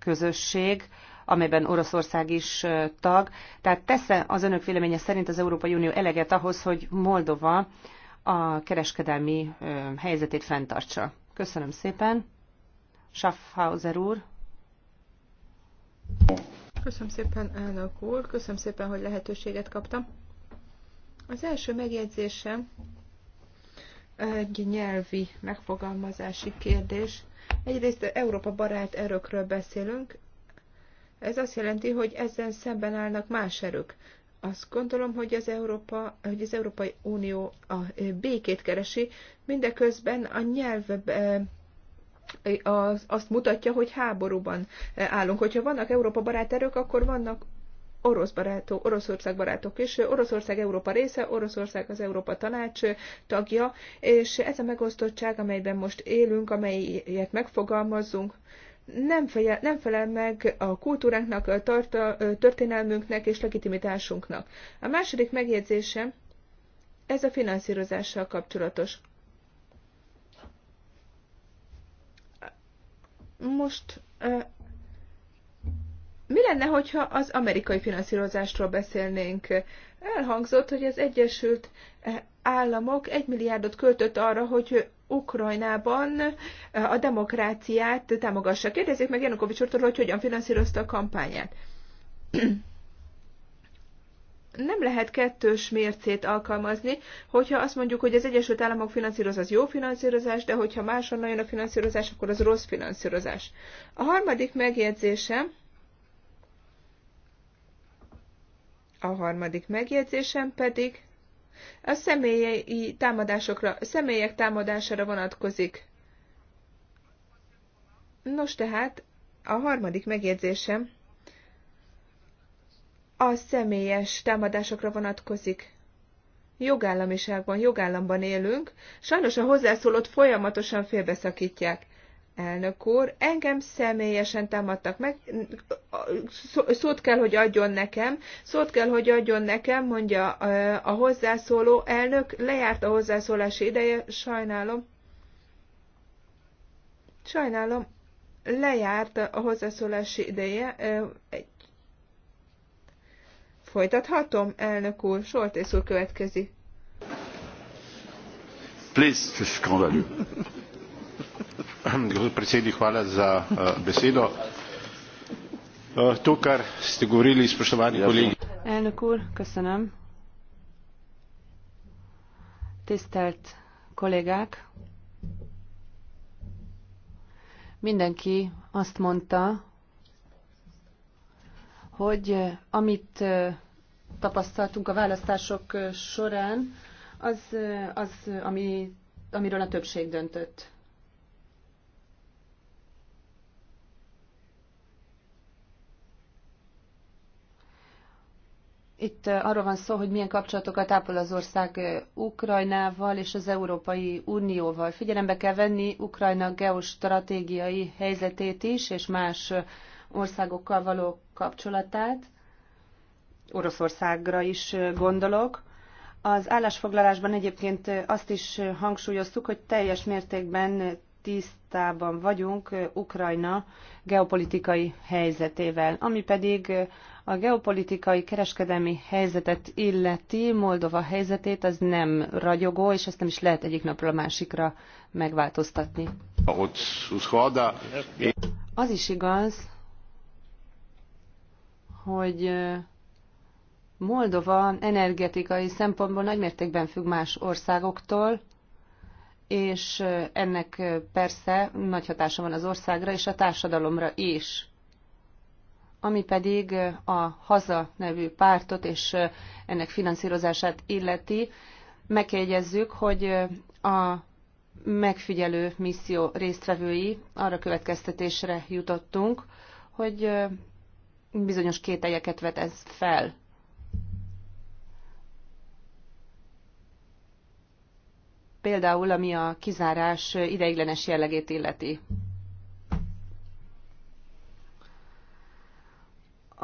közösség, amelyben Oroszország is tag. Tehát tesz-e az önök véleménye szerint az Európai Unió eleget ahhoz, hogy Moldova a kereskedelmi helyzetét fenntartsa? Köszönöm szépen. Schaffhauser úr. Köszönöm szépen, elnök úr. Köszönöm szépen, hogy lehetőséget kaptam. Az első megjegyzésem egy nyelvi megfogalmazási kérdés. Egyrészt Európa barát erőkről beszélünk, ez azt jelenti, hogy ezzel szemben állnak más erők. Azt gondolom, hogy az, Európa, hogy az Európai Unió a békét keresi, mindeközben a nyelv azt mutatja, hogy háborúban állunk. Hogyha vannak Európa barát erők, akkor vannak orosz barátok, Oroszország barátok is. Oroszország Európa része, Oroszország az Európa Tanács tagja, és ez a megosztottság, amelyben most élünk, amelyet megfogalmazzunk, nem felel, nem felel meg a kultúránknak, a tarta, történelmünknek és legitimitásunknak. A második megjegyzésem, ez a finanszírozással kapcsolatos. Most lenne, hogyha az amerikai finanszírozásról beszélnénk? Elhangzott, hogy az Egyesült Államok egy milliárdot költött arra, hogy Ukrajnában a demokráciát támogassa. Kérdezzék meg Janukovics úrtól, hogy hogyan finanszírozta a kampányát. Nem lehet kettős mércét alkalmazni, hogyha azt mondjuk, hogy az Egyesült Államok finanszíroz, az jó finanszírozás, de hogyha máshonnan jön a finanszírozás, akkor az rossz finanszírozás. A harmadik megjegyzésem, A harmadik megjegyzésem pedig a személyi támadásokra, a személyek támadására vonatkozik. Nos tehát, a harmadik megjegyzésem a személyes támadásokra vonatkozik. Jogállamiságban, jogállamban élünk, sajnos a hozzászólót folyamatosan félbeszakítják elnök úr, engem személyesen támadtak meg, szót kell, hogy adjon nekem, szót kell, hogy adjon nekem, mondja a hozzászóló elnök, lejárt a hozzászólási ideje, sajnálom. Sajnálom, lejárt a hozzászólási ideje. Egy... Folytathatom, elnök úr, Soltész úr következik. Please, c'est scandaleux. Gospod predsednik, hvala za eh, besedo. Eh, to, kar ste govorili, spoštovani kolegi. Elnök úr, köszönöm. Tisztelt kollégák! Mindenki azt mondta, hogy eh, amit tapasztaltunk a választások során, az, az ami, amiről a többség döntött. Itt arról van szó, hogy milyen kapcsolatokat ápol az ország Ukrajnával és az Európai Unióval. Figyelembe kell venni Ukrajna geostratégiai helyzetét is, és más országokkal való kapcsolatát. Oroszországra is gondolok. Az állásfoglalásban egyébként azt is hangsúlyoztuk, hogy teljes mértékben tisztában vagyunk Ukrajna geopolitikai helyzetével, ami pedig a geopolitikai kereskedelmi helyzetet illeti Moldova helyzetét, az nem ragyogó, és ezt nem is lehet egyik napról a másikra megváltoztatni. Az is igaz, hogy Moldova energetikai szempontból nagymértékben függ más országoktól, és ennek persze nagy hatása van az országra és a társadalomra is ami pedig a Haza nevű pártot és ennek finanszírozását illeti, megjegyezzük, hogy a megfigyelő misszió résztvevői arra következtetésre jutottunk, hogy bizonyos kételyeket vet ez fel. Például, ami a kizárás ideiglenes jellegét illeti.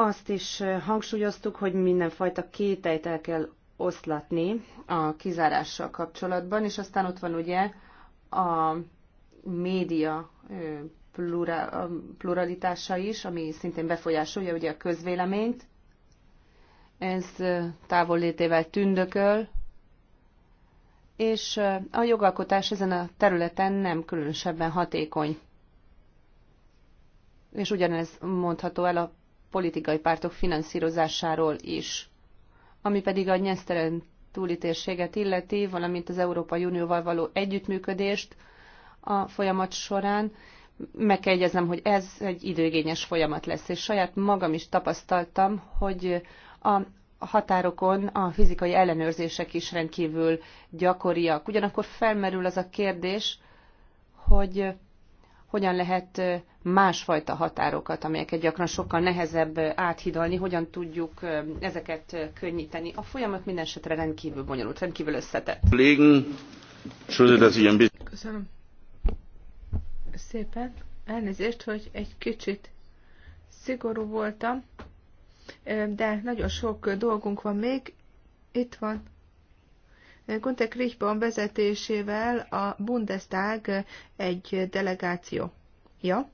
Azt is hangsúlyoztuk, hogy mindenfajta kételyt el kell oszlatni a kizárással kapcsolatban, és aztán ott van ugye a média pluralitása is, ami szintén befolyásolja ugye a közvéleményt. Ez távollétével tündököl, és a jogalkotás ezen a területen nem különösebben hatékony. És ugyanez mondható el a politikai pártok finanszírozásáról is. Ami pedig a Nyeszteren túli térséget illeti, valamint az Európai Unióval való együttműködést a folyamat során, meg kell jegyeznem, hogy ez egy időgényes folyamat lesz, és saját magam is tapasztaltam, hogy a határokon a fizikai ellenőrzések is rendkívül gyakoriak. Ugyanakkor felmerül az a kérdés, hogy hogyan lehet másfajta határokat, amelyeket gyakran sokkal nehezebb áthidalni, hogyan tudjuk ezeket könnyíteni. A folyamat minden esetre rendkívül bonyolult, rendkívül összetett. Köszönöm szépen. Elnézést, hogy egy kicsit szigorú voltam, de nagyon sok dolgunk van még. Itt van Gunther Krichban vezetésével a Bundestag egy delegáció. Ja.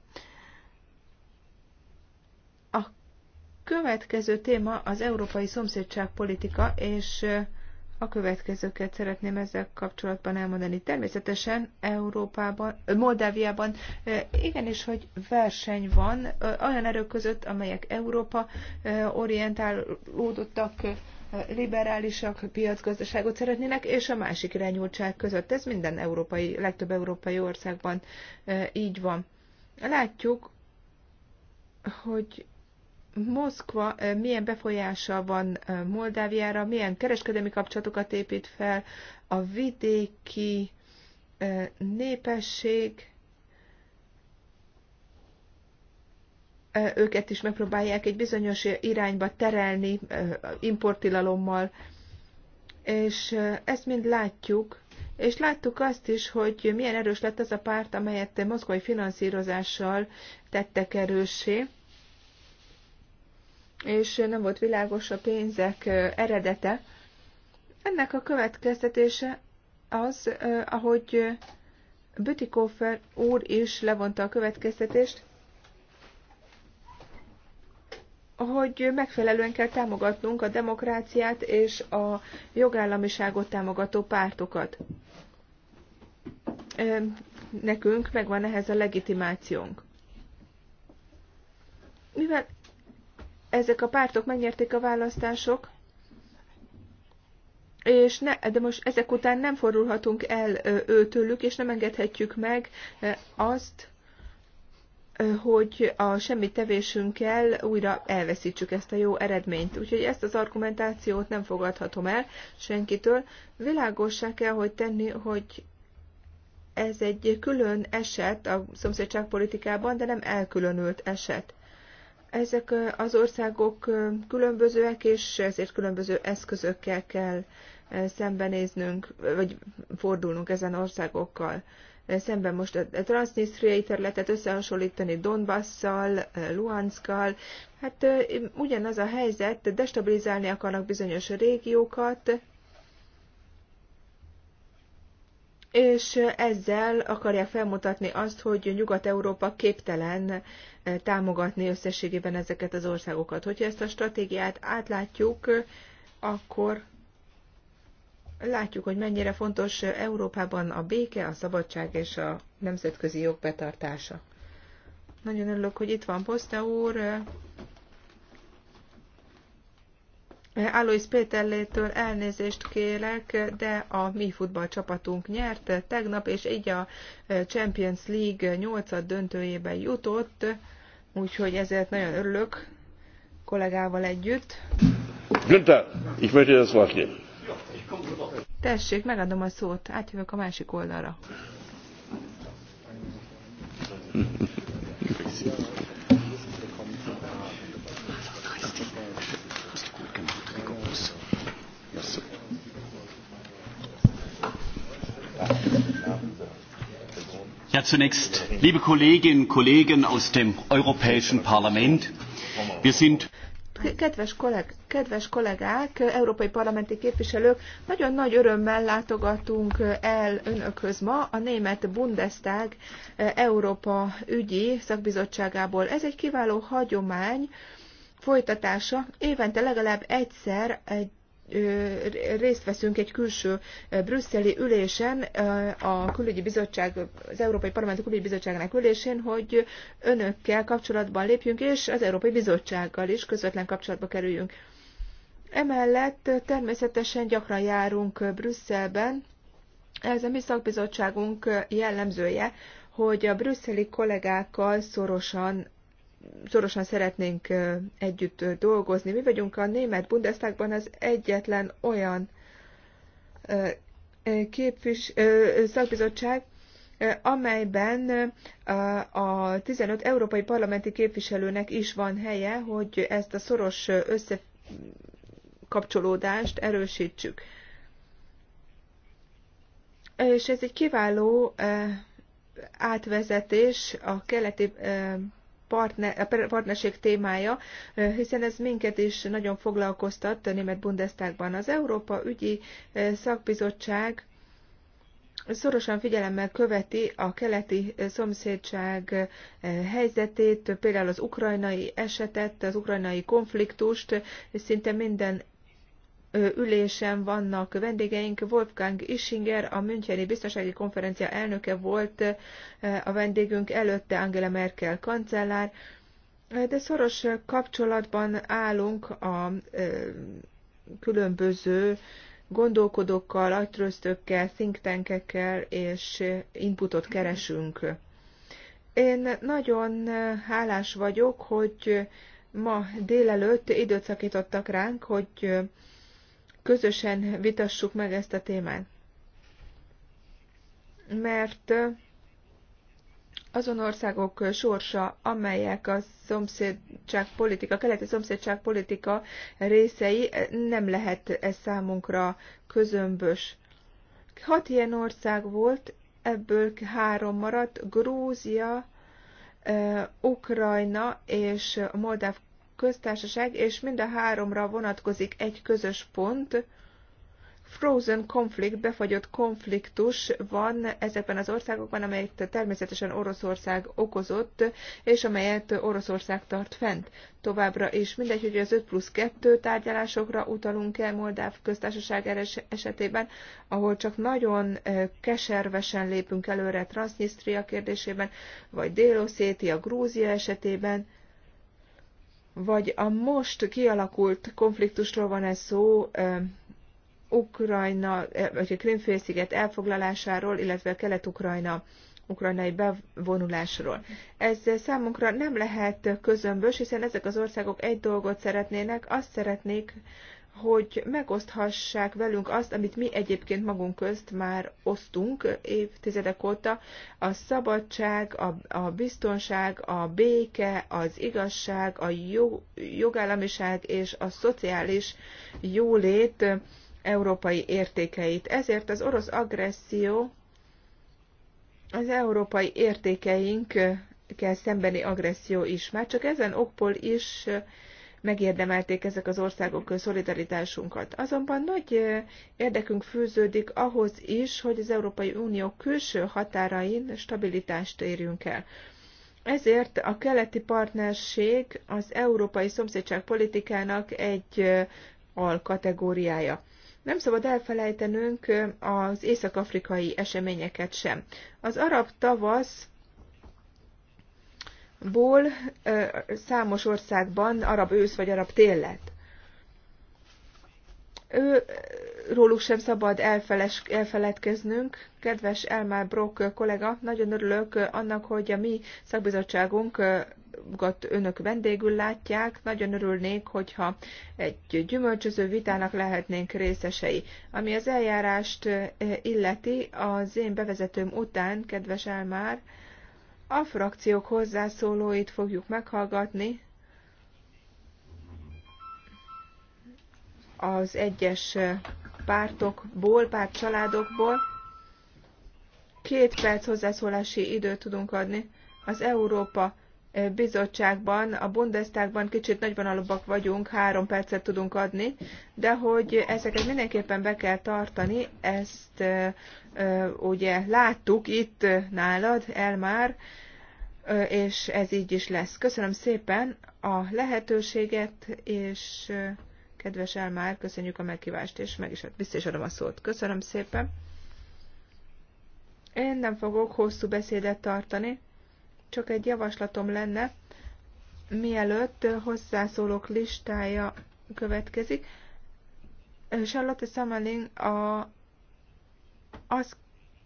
A következő téma az európai szomszédságpolitika, és a következőket szeretném ezzel kapcsolatban elmondani. Természetesen Európában, Moldáviában igenis, hogy verseny van olyan erők között, amelyek Európa orientálódottak, liberálisak piacgazdaságot szeretnének, és a másik irányultság között. Ez minden európai, legtöbb európai országban e, így van. Látjuk, hogy Moszkva e, milyen befolyása van e, Moldáviára, milyen kereskedelmi kapcsolatokat épít fel, a vidéki népesség, őket is megpróbálják egy bizonyos irányba terelni importtilalommal, és ezt mind látjuk, és láttuk azt is, hogy milyen erős lett az a párt, amelyet Moszkvai finanszírozással tettek erőssé, és nem volt világos a pénzek eredete. Ennek a következtetése az, ahogy Bütikofer úr is levonta a következtetést, hogy megfelelően kell támogatnunk a demokráciát és a jogállamiságot támogató pártokat. Nekünk megvan ehhez a legitimációnk. Mivel ezek a pártok megnyerték a választások, és ne, de most ezek után nem fordulhatunk el őtőlük, és nem engedhetjük meg azt, hogy a semmi tevésünkkel újra elveszítsük ezt a jó eredményt. Úgyhogy ezt az argumentációt nem fogadhatom el senkitől. Világossá kell, hogy tenni, hogy ez egy külön eset a szomszédságpolitikában, de nem elkülönült eset. Ezek az országok különbözőek, és ezért különböző eszközökkel kell szembenéznünk, vagy fordulnunk ezen országokkal szemben most a transznisztriai területet összehasonlítani Donbasszal, Luhanszkal. Hát ugyanaz a helyzet, destabilizálni akarnak bizonyos régiókat, és ezzel akarják felmutatni azt, hogy Nyugat-Európa képtelen támogatni összességében ezeket az országokat. Hogyha ezt a stratégiát átlátjuk, akkor látjuk, hogy mennyire fontos Európában a béke, a szabadság és a nemzetközi jog betartása. Nagyon örülök, hogy itt van Poszta úr. Alois Péterlétől elnézést kérek, de a mi futballcsapatunk nyert tegnap, és így a Champions League 8 döntőjébe jutott, úgyhogy ezért nagyon örülök kollégával együtt. Günther, ich möchte das Wort geben. Tessék, megadom a szót, átjövök a másik oldalra. Ja, zunächst, liebe Kolleginnen und Kollegen aus dem Europäischen Parlament, wir sind Kedves, kolleg, kedves kollégák, európai parlamenti képviselők, nagyon nagy örömmel látogatunk el önökhöz ma a német Bundestag eh, Európa ügyi szakbizottságából. Ez egy kiváló hagyomány folytatása. Évente legalább egyszer egy részt veszünk egy külső brüsszeli ülésen, a külügyi bizottság, az Európai Parlament külügyi bizottságának ülésén, hogy önökkel kapcsolatban lépjünk, és az Európai Bizottsággal is közvetlen kapcsolatba kerüljünk. Emellett természetesen gyakran járunk Brüsszelben, ez a mi szakbizottságunk jellemzője, hogy a brüsszeli kollégákkal szorosan szorosan szeretnénk együtt dolgozni. Mi vagyunk a német Bundestagban az egyetlen olyan képvis, szakbizottság, amelyben a 15 európai parlamenti képviselőnek is van helye, hogy ezt a szoros összekapcsolódást erősítsük. És ez egy kiváló átvezetés a keleti partner, a partnerség témája, hiszen ez minket is nagyon foglalkoztat a Német Bundestagban. Az Európa Ügyi Szakbizottság szorosan figyelemmel követi a keleti szomszédság helyzetét, például az ukrajnai esetet, az ukrajnai konfliktust, és szinte minden ülésen vannak vendégeink. Wolfgang Ischinger, a Müncheni Biztonsági Konferencia elnöke volt a vendégünk, előtte Angela Merkel kancellár, de szoros kapcsolatban állunk a különböző gondolkodókkal, agytröztökkel, think tankekkel, és inputot keresünk. Én nagyon hálás vagyok, hogy ma délelőtt időt szakítottak ránk, hogy közösen vitassuk meg ezt a témát. Mert azon országok sorsa, amelyek a szomszédság politika, a keleti szomszédság politika részei, nem lehet ez számunkra közömbös. Hat ilyen ország volt, ebből három maradt, Grúzia, eh, Ukrajna és Moldáv köztársaság, és mind a háromra vonatkozik egy közös pont. Frozen konflikt, befagyott konfliktus van ezekben az országokban, amelyet természetesen Oroszország okozott, és amelyet Oroszország tart fent. Továbbra is mindegy, hogy az 5 plusz 2 tárgyalásokra utalunk el Moldáv köztársaság esetében, ahol csak nagyon eh, keservesen lépünk előre Transnistria kérdésében, vagy Déloszéti a Grúzia esetében, vagy a most kialakult konfliktusról van ez szó, Ukrajna, vagy a Krimfélsziget elfoglalásáról, illetve a Kelet-Ukrajna ukrajnai bevonulásról. Ez számunkra nem lehet közömbös, hiszen ezek az országok egy dolgot szeretnének, azt szeretnék, hogy megoszthassák velünk azt, amit mi egyébként magunk közt már osztunk évtizedek óta, a szabadság, a, a biztonság, a béke, az igazság, a jó, jogállamiság és a szociális jólét európai értékeit. Ezért az orosz agresszió az európai értékeinkkel szembeni agresszió is. Már csak ezen okból is megérdemelték ezek az országok szolidaritásunkat. Azonban nagy érdekünk fűződik ahhoz is, hogy az Európai Unió külső határain stabilitást érjünk el. Ezért a keleti partnerség az európai szomszédság politikának egy alkategóriája. Nem szabad elfelejtenünk az észak-afrikai eseményeket sem. Az arab tavasz ból számos országban arab ősz vagy arab tél lett. Ő, róluk sem szabad elfeles, elfeledkeznünk. Kedves Elmár Brock kollega, nagyon örülök annak, hogy a mi szakbizottságunkat önök vendégül látják. Nagyon örülnék, hogyha egy gyümölcsöző vitának lehetnénk részesei. Ami az eljárást illeti, az én bevezetőm után, kedves Elmár, a frakciók hozzászólóit fogjuk meghallgatni. Az egyes pártokból, pártcsaládokból. Két perc hozzászólási időt tudunk adni. Az Európa bizottságban, a Bundestagban kicsit nagyban alapak vagyunk, három percet tudunk adni, de hogy ezeket mindenképpen be kell tartani, ezt ugye láttuk itt nálad, el már, és ez így is lesz. Köszönöm szépen a lehetőséget, és kedves Elmár, köszönjük a megkívást, és meg is vissza is adom a szót. Köszönöm szépen. Én nem fogok hosszú beszédet tartani csak egy javaslatom lenne, mielőtt hozzászólók listája következik. Charlotte Sammeling a, azt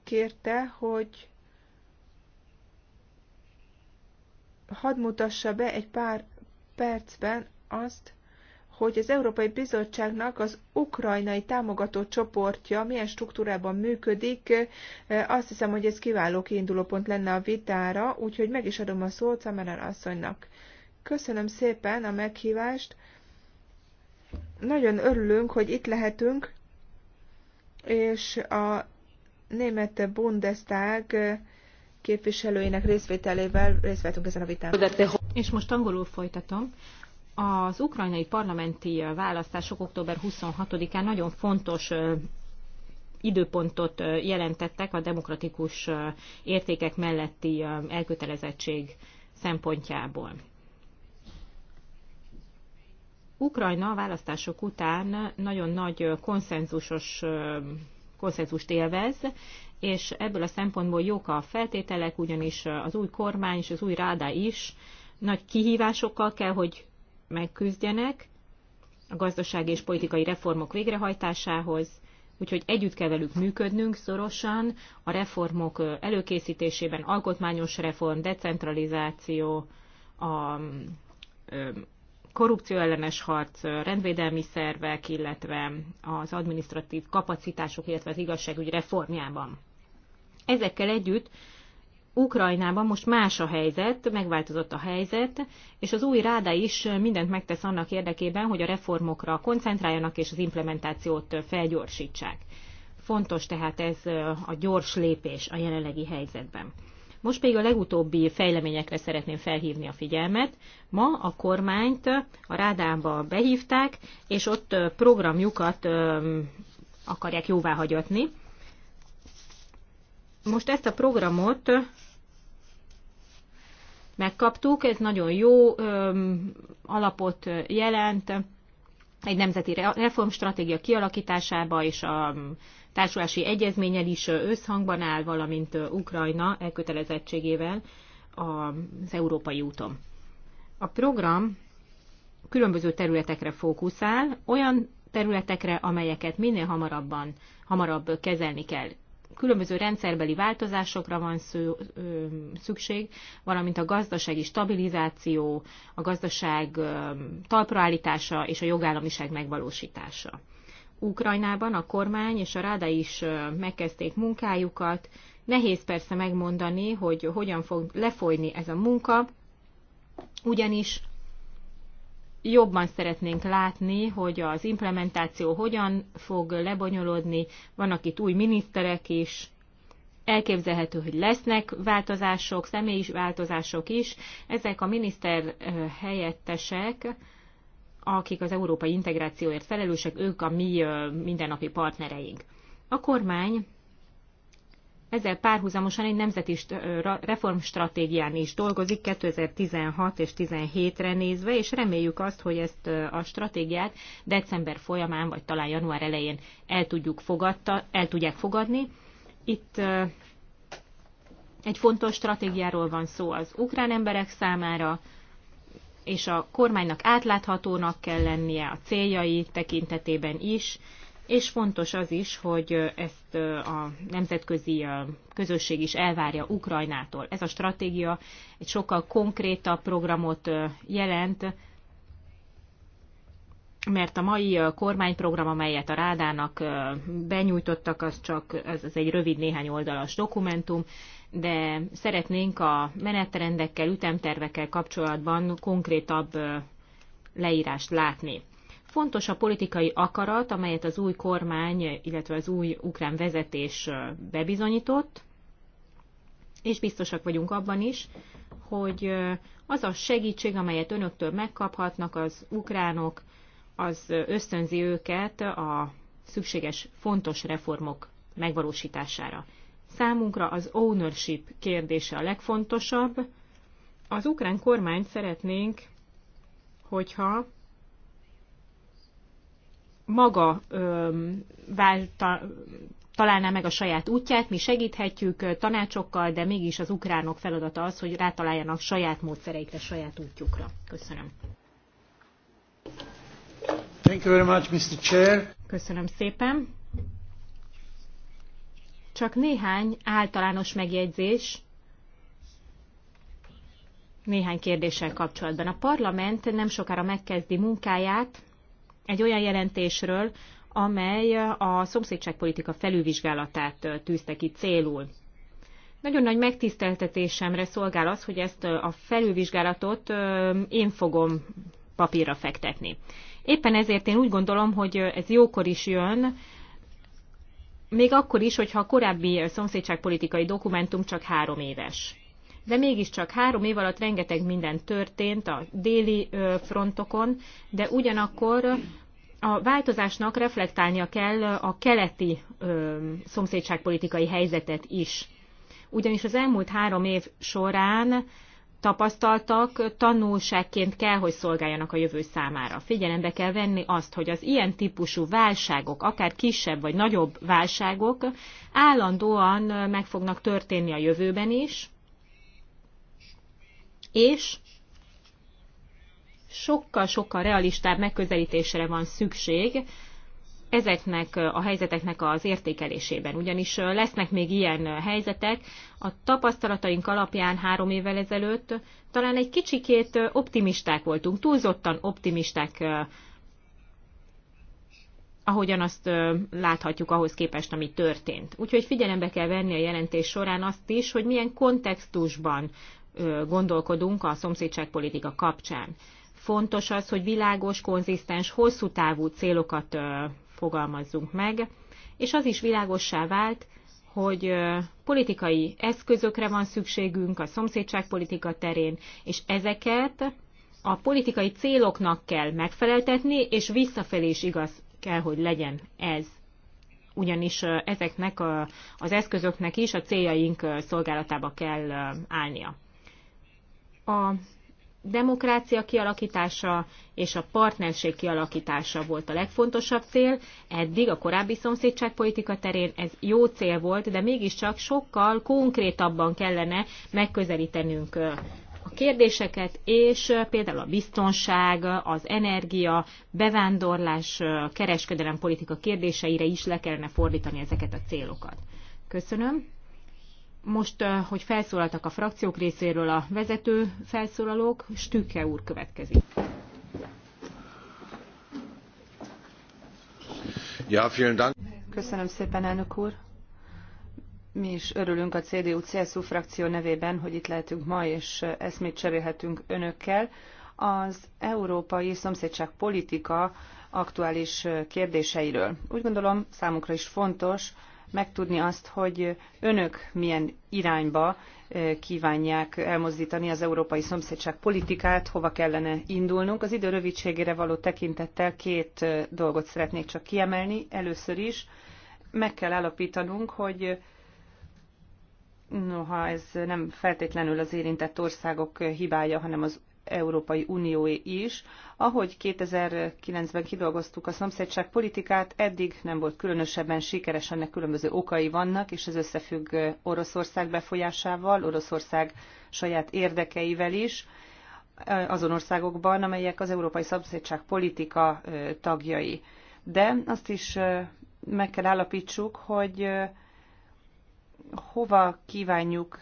kérte, hogy hadd mutassa be egy pár percben azt, hogy az Európai Bizottságnak az ukrajnai támogató csoportja milyen struktúrában működik. Azt hiszem, hogy ez kiváló kiindulópont lenne a vitára, úgyhogy meg is adom a szót Szamerán asszonynak. Köszönöm szépen a meghívást. Nagyon örülünk, hogy itt lehetünk, és a német Bundestag képviselőinek részvételével részt vettünk ezen a vitán. És most angolul folytatom. Az ukrajnai parlamenti választások október 26-án nagyon fontos időpontot jelentettek a demokratikus értékek melletti elkötelezettség szempontjából. Ukrajna a választások után nagyon nagy konszenzusos konszenzust élvez, és ebből a szempontból jók a feltételek, ugyanis az új kormány és az új ráda is nagy kihívásokkal kell, hogy megküzdjenek a gazdasági és politikai reformok végrehajtásához, úgyhogy együtt kell velük működnünk szorosan a reformok előkészítésében, alkotmányos reform, decentralizáció, a korrupcióellenes harc, rendvédelmi szervek, illetve az administratív kapacitások, illetve az igazságügy reformjában. Ezekkel együtt Ukrajnában most más a helyzet, megváltozott a helyzet, és az új ráda is mindent megtesz annak érdekében, hogy a reformokra koncentráljanak és az implementációt felgyorsítsák. Fontos tehát ez a gyors lépés a jelenlegi helyzetben. Most pedig a legutóbbi fejleményekre szeretném felhívni a figyelmet. Ma a kormányt a rádába behívták, és ott programjukat akarják jóvá hagyatni. Most ezt a programot megkaptuk, ez nagyon jó öm, alapot jelent egy nemzeti reformstratégia kialakításába és a társulási egyezménnyel is összhangban áll, valamint Ukrajna elkötelezettségével az európai úton. A program különböző területekre fókuszál, olyan területekre, amelyeket minél hamarabban, hamarabb kezelni kell különböző rendszerbeli változásokra van szükség, valamint a gazdasági stabilizáció, a gazdaság talpraállítása és a jogállamiság megvalósítása. Ukrajnában a kormány és a ráda is megkezdték munkájukat. Nehéz persze megmondani, hogy hogyan fog lefolyni ez a munka, ugyanis jobban szeretnénk látni, hogy az implementáció hogyan fog lebonyolódni. Vannak itt új miniszterek is, elképzelhető, hogy lesznek változások, személyi változások is. Ezek a miniszter eh, helyettesek, akik az európai integrációért felelősek, ők a mi eh, mindennapi partnereink. A kormány ezzel párhuzamosan egy nemzeti reformstratégián is dolgozik 2016 és 17 re nézve, és reméljük azt, hogy ezt a stratégiát december folyamán, vagy talán január elején el, tudjuk fogadta, el tudják fogadni. Itt egy fontos stratégiáról van szó az ukrán emberek számára, és a kormánynak átláthatónak kell lennie a céljai tekintetében is, és fontos az is, hogy ezt a nemzetközi közösség is elvárja Ukrajnától. Ez a stratégia egy sokkal konkrétabb programot jelent, mert a mai kormányprogram, amelyet a Rádának benyújtottak, az csak az, egy rövid néhány oldalas dokumentum, de szeretnénk a menetrendekkel, ütemtervekkel kapcsolatban konkrétabb leírást látni. Fontos a politikai akarat, amelyet az új kormány, illetve az új ukrán vezetés bebizonyított, és biztosak vagyunk abban is, hogy az a segítség, amelyet önöktől megkaphatnak az ukránok, az ösztönzi őket a szükséges fontos reformok megvalósítására. Számunkra az ownership kérdése a legfontosabb. Az ukrán kormányt szeretnénk, hogyha maga válta, találná meg a saját útját, mi segíthetjük tanácsokkal, de mégis az ukránok feladata az, hogy rátaláljanak saját módszereikre, saját útjukra. Köszönöm. Thank you very much, Mr. Chair. Köszönöm szépen. Csak néhány általános megjegyzés néhány kérdéssel kapcsolatban. A parlament nem sokára megkezdi munkáját, egy olyan jelentésről, amely a szomszédságpolitika felülvizsgálatát tűzte ki célul. Nagyon nagy megtiszteltetésemre szolgál az, hogy ezt a felülvizsgálatot én fogom papírra fektetni. Éppen ezért én úgy gondolom, hogy ez jókor is jön, még akkor is, hogyha a korábbi szomszédságpolitikai dokumentum csak három éves de mégiscsak három év alatt rengeteg minden történt a déli frontokon, de ugyanakkor a változásnak reflektálnia kell a keleti szomszédságpolitikai helyzetet is. Ugyanis az elmúlt három év során tapasztaltak tanulságként kell, hogy szolgáljanak a jövő számára. Figyelembe kell venni azt, hogy az ilyen típusú válságok, akár kisebb vagy nagyobb válságok állandóan meg fognak történni a jövőben is, és sokkal-sokkal realistább megközelítésre van szükség ezeknek a helyzeteknek az értékelésében. Ugyanis lesznek még ilyen helyzetek. A tapasztalataink alapján három évvel ezelőtt talán egy kicsikét optimisták voltunk, túlzottan optimisták, ahogyan azt láthatjuk ahhoz képest, ami történt. Úgyhogy figyelembe kell venni a jelentés során azt is, hogy milyen kontextusban gondolkodunk a szomszédságpolitika kapcsán. Fontos az, hogy világos, konzisztens, hosszú távú célokat fogalmazzunk meg, és az is világossá vált, hogy politikai eszközökre van szükségünk a szomszédságpolitika terén, és ezeket a politikai céloknak kell megfeleltetni, és visszafelé is igaz kell, hogy legyen ez. Ugyanis ezeknek az eszközöknek is a céljaink szolgálatába kell állnia a demokrácia kialakítása és a partnerség kialakítása volt a legfontosabb cél. Eddig a korábbi szomszédságpolitika terén ez jó cél volt, de mégiscsak sokkal konkrétabban kellene megközelítenünk a kérdéseket, és például a biztonság, az energia, bevándorlás, kereskedelem politika kérdéseire is le kellene fordítani ezeket a célokat. Köszönöm. Most, hogy felszólaltak a frakciók részéről a vezető felszólalók, Stüke úr következik. Ja, vielen Dank. Köszönöm szépen, elnök úr. Mi is örülünk a CDU-CSU frakció nevében, hogy itt lehetünk ma, és eszmét cserélhetünk önökkel. Az európai szomszédság politika aktuális kérdéseiről. Úgy gondolom, számunkra is fontos, megtudni azt, hogy önök milyen irányba eh, kívánják elmozdítani az európai szomszédság politikát, hova kellene indulnunk. Az idő rövidségére való tekintettel két eh, dolgot szeretnék csak kiemelni. Először is meg kell állapítanunk, hogy eh, noha ez nem feltétlenül az érintett országok hibája, hanem az Európai Unióé is. Ahogy 2009-ben kidolgoztuk a szomszédság politikát, eddig nem volt különösebben sikeres, ennek különböző okai vannak, és ez összefügg Oroszország befolyásával, Oroszország saját érdekeivel is azon országokban, amelyek az európai szomszédság politika tagjai. De azt is meg kell állapítsuk, hogy hova kívánjuk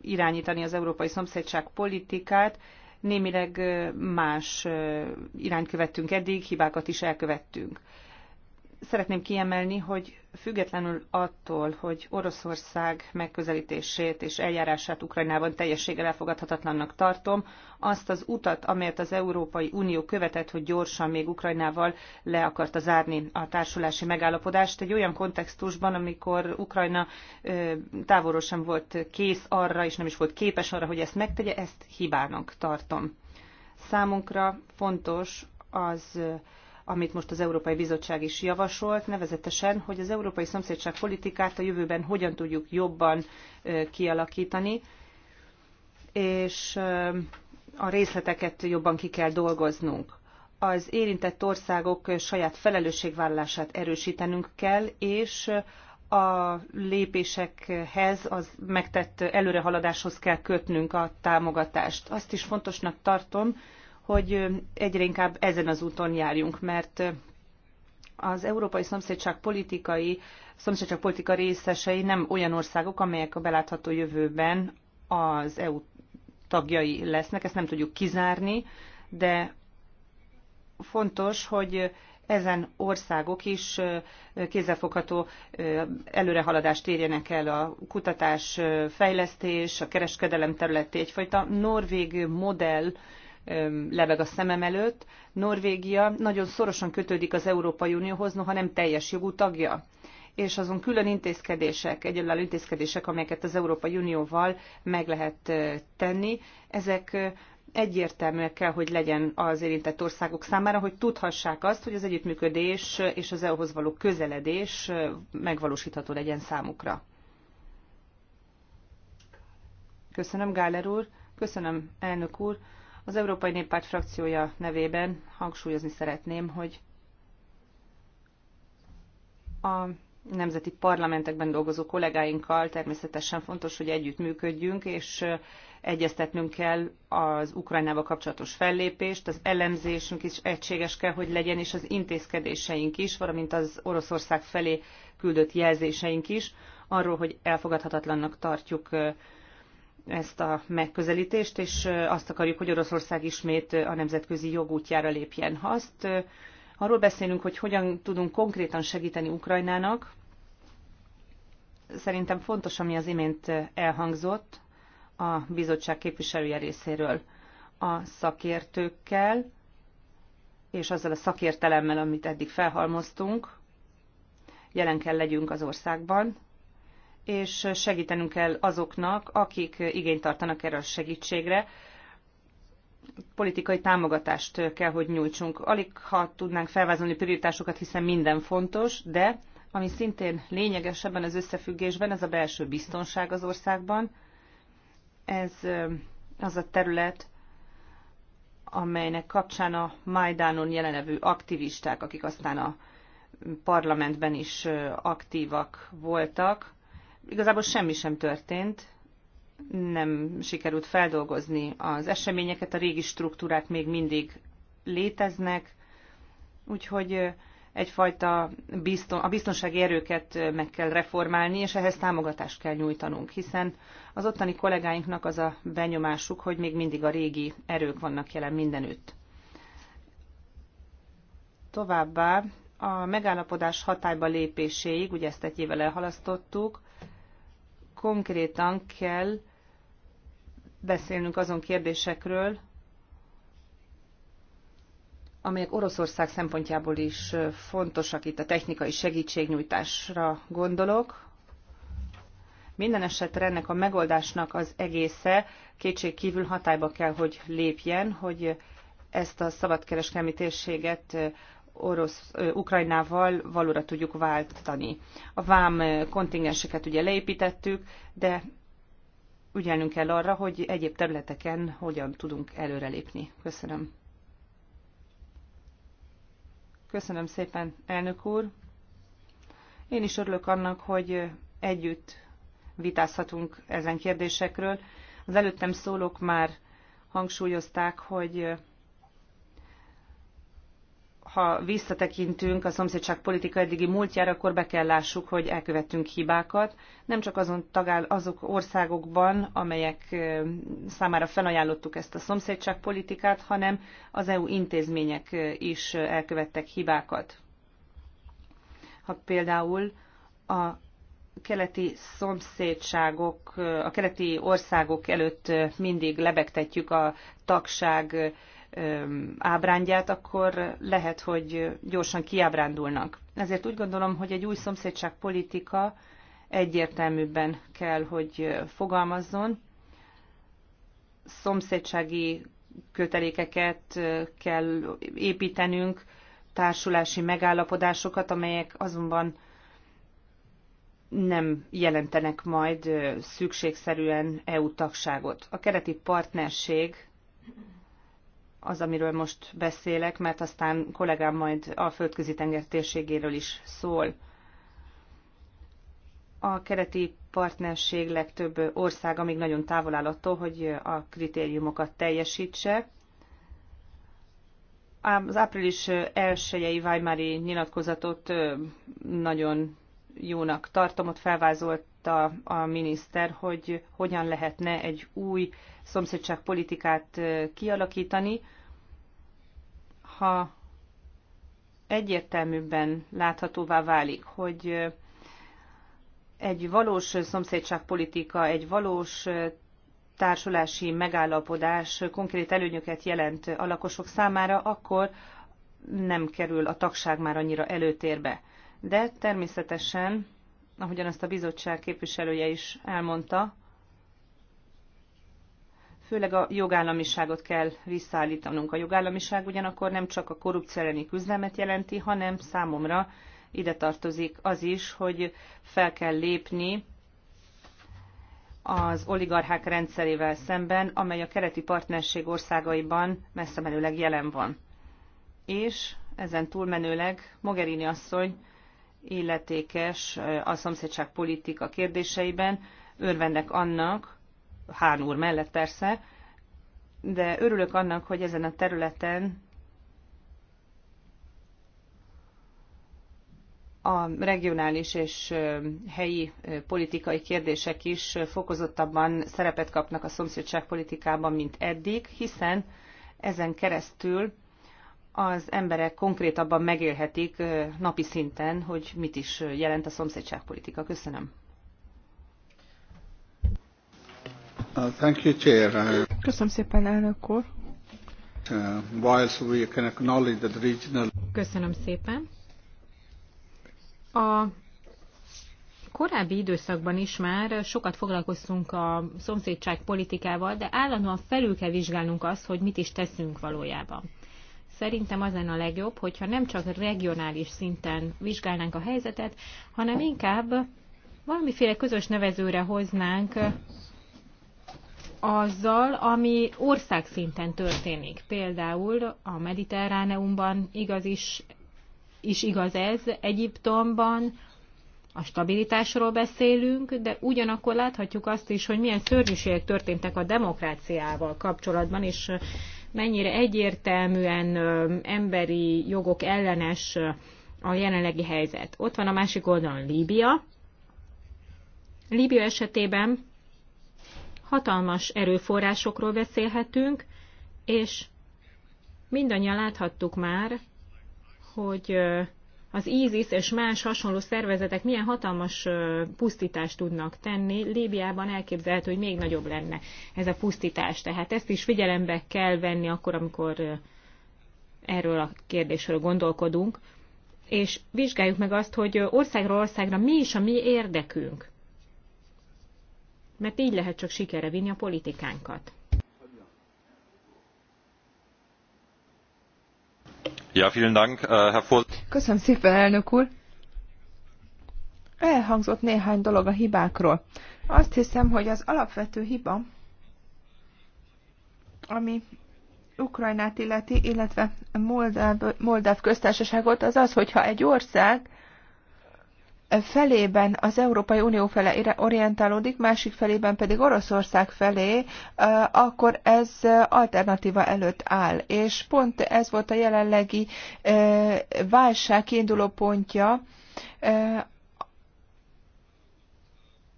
irányítani az európai szomszédság politikát, némileg más irányt követtünk eddig, hibákat is elkövettünk. Szeretném kiemelni, hogy függetlenül attól, hogy Oroszország megközelítését és eljárását Ukrajnában teljességgel elfogadhatatlannak tartom, azt az utat, amelyet az Európai Unió követett, hogy gyorsan még Ukrajnával le akarta zárni a társulási megállapodást, egy olyan kontextusban, amikor Ukrajna távolról sem volt kész arra, és nem is volt képes arra, hogy ezt megtegye, ezt hibának tartom. Számunkra fontos az amit most az Európai Bizottság is javasolt, nevezetesen, hogy az európai szomszédság politikát a jövőben hogyan tudjuk jobban kialakítani, és a részleteket jobban ki kell dolgoznunk. Az érintett országok saját felelősségvállalását erősítenünk kell, és a lépésekhez, az megtett előrehaladáshoz kell kötnünk a támogatást. Azt is fontosnak tartom, hogy egyre inkább ezen az úton járjunk, mert az európai szomszédság politikai, szomszédság politika részesei nem olyan országok, amelyek a belátható jövőben az EU tagjai lesznek, ezt nem tudjuk kizárni, de fontos, hogy ezen országok is kézzelfogható előrehaladást érjenek el a kutatás, fejlesztés, a kereskedelem területi Egyfajta norvég modell lebeg a szemem előtt. Norvégia nagyon szorosan kötődik az Európai Unióhoz, noha nem teljes jogú tagja és azon külön intézkedések, egyedülálló intézkedések, amelyeket az Európai Unióval meg lehet tenni, ezek egyértelműek kell, hogy legyen az érintett országok számára, hogy tudhassák azt, hogy az együttműködés és az EU-hoz való közeledés megvalósítható legyen számukra. Köszönöm, Gáler úr. Köszönöm, elnök úr. Az Európai Néppárt frakciója nevében hangsúlyozni szeretném, hogy a nemzeti parlamentekben dolgozó kollégáinkkal természetesen fontos, hogy együttműködjünk, és egyeztetnünk kell az Ukrajnával kapcsolatos fellépést, az elemzésünk is egységes kell, hogy legyen, és az intézkedéseink is, valamint az Oroszország felé küldött jelzéseink is, arról, hogy elfogadhatatlannak tartjuk ezt a megközelítést, és azt akarjuk, hogy Oroszország ismét a nemzetközi jog útjára lépjen. Ha azt arról beszélünk, hogy hogyan tudunk konkrétan segíteni Ukrajnának, szerintem fontos, ami az imént elhangzott a bizottság képviselője részéről. A szakértőkkel és azzal a szakértelemmel, amit eddig felhalmoztunk, jelen kell legyünk az országban, és segítenünk kell azoknak, akik igényt tartanak erre a segítségre. Politikai támogatást kell, hogy nyújtsunk. Alig ha tudnánk felvázolni prioritásokat, hiszen minden fontos, de ami szintén lényeges ebben az összefüggésben, ez a belső biztonság az országban. Ez az a terület, amelynek kapcsán a Majdánon jelenlevő aktivisták, akik aztán a parlamentben is aktívak voltak, Igazából semmi sem történt, nem sikerült feldolgozni az eseményeket, a régi struktúrák még mindig léteznek, úgyhogy egyfajta bizton, a biztonsági erőket meg kell reformálni, és ehhez támogatást kell nyújtanunk, hiszen az ottani kollégáinknak az a benyomásuk, hogy még mindig a régi erők vannak jelen mindenütt. Továbbá a megállapodás hatályba lépéséig, ugye ezt egy évvel elhalasztottuk, konkrétan kell beszélnünk azon kérdésekről, amelyek Oroszország szempontjából is fontosak, itt a technikai segítségnyújtásra gondolok. Minden esetre ennek a megoldásnak az egésze kétség kívül hatályba kell, hogy lépjen, hogy ezt a szabadkereskedelmi térséget orosz, Ukrajnával valóra tudjuk váltani. A vám kontingenseket ugye leépítettük, de ügyelnünk kell arra, hogy egyéb területeken hogyan tudunk előrelépni. Köszönöm. Köszönöm szépen, elnök úr. Én is örülök annak, hogy együtt vitázhatunk ezen kérdésekről. Az előttem szólók már hangsúlyozták, hogy ha visszatekintünk a szomszédság politika eddigi múltjára, akkor be kell lássuk, hogy elkövettünk hibákat, nem csak azon tagál, azok országokban, amelyek számára felajánlottuk ezt a szomszédság politikát, hanem az EU intézmények is elkövettek hibákat. Ha például a keleti szomszédságok, a keleti országok előtt mindig lebegtetjük a tagság ábrándját, akkor lehet, hogy gyorsan kiábrándulnak. Ezért úgy gondolom, hogy egy új szomszédságpolitika egyértelműbben kell, hogy fogalmazzon. Szomszédsági kötelékeket kell építenünk, társulási megállapodásokat, amelyek azonban nem jelentenek majd szükségszerűen EU tagságot. A kereti partnerség az, amiről most beszélek, mert aztán kollégám majd a földközi tenger térségéről is szól. A kereti partnerség legtöbb országa még nagyon távol áll attól, hogy a kritériumokat teljesítse. Az április 1-i nyilatkozatot nagyon jónak tartom, ott felvázolt mondta a miniszter, hogy hogyan lehetne egy új szomszédságpolitikát kialakítani, ha egyértelműbben láthatóvá válik, hogy egy valós szomszédságpolitika, egy valós társulási megállapodás konkrét előnyöket jelent a lakosok számára, akkor nem kerül a tagság már annyira előtérbe. De természetesen ahogyan ezt a bizottság képviselője is elmondta, főleg a jogállamiságot kell visszaállítanunk. A jogállamiság ugyanakkor nem csak a korrupció elleni küzdelmet jelenti, hanem számomra ide tartozik az is, hogy fel kell lépni az oligarchák rendszerével szemben, amely a keleti partnerség országaiban messze menőleg jelen van. És ezen túlmenőleg Mogherini asszony illetékes a szomszédság politika kérdéseiben örvendek annak, Hán úr mellett persze, de örülök annak, hogy ezen a területen a regionális és helyi politikai kérdések is fokozottabban szerepet kapnak a szomszédságpolitikában, mint eddig, hiszen ezen keresztül az emberek konkrétabban megélhetik napi szinten, hogy mit is jelent a szomszédságpolitika. Köszönöm. Uh, thank you, Chair. Uh, Köszönöm szépen, elnök úr. Uh, Köszönöm szépen. A korábbi időszakban is már sokat foglalkoztunk a szomszédság politikával, de állandóan felül kell vizsgálnunk azt, hogy mit is teszünk valójában. Szerintem az lenne a legjobb, hogyha nem csak regionális szinten vizsgálnánk a helyzetet, hanem inkább valamiféle közös nevezőre hoznánk azzal, ami országszinten történik. Például a Mediterráneumban igaz is, is igaz ez, Egyiptomban a stabilitásról beszélünk, de ugyanakkor láthatjuk azt is, hogy milyen szörnyűségek történtek a demokráciával kapcsolatban, és mennyire egyértelműen emberi jogok ellenes a jelenlegi helyzet. Ott van a másik oldalon Líbia. Líbia esetében hatalmas erőforrásokról beszélhetünk, és mindannyian láthattuk már, hogy az ISIS és más hasonló szervezetek milyen hatalmas pusztítást tudnak tenni. Líbiában elképzelhető, hogy még nagyobb lenne ez a pusztítás. Tehát ezt is figyelembe kell venni akkor, amikor erről a kérdésről gondolkodunk, és vizsgáljuk meg azt, hogy országról országra mi is a mi érdekünk. Mert így lehet csak sikere vinni a politikánkat. Ja, vielen Dank, äh, Herr Köszönöm szépen, elnök úr. Elhangzott néhány dolog a hibákról. Azt hiszem, hogy az alapvető hiba, ami Ukrajnát illeti, illetve Moldáv köztársaságot, az az, hogyha egy ország felében az Európai Unió fele orientálódik, másik felében pedig Oroszország felé, akkor ez alternatíva előtt áll. És pont ez volt a jelenlegi válság kiinduló pontja,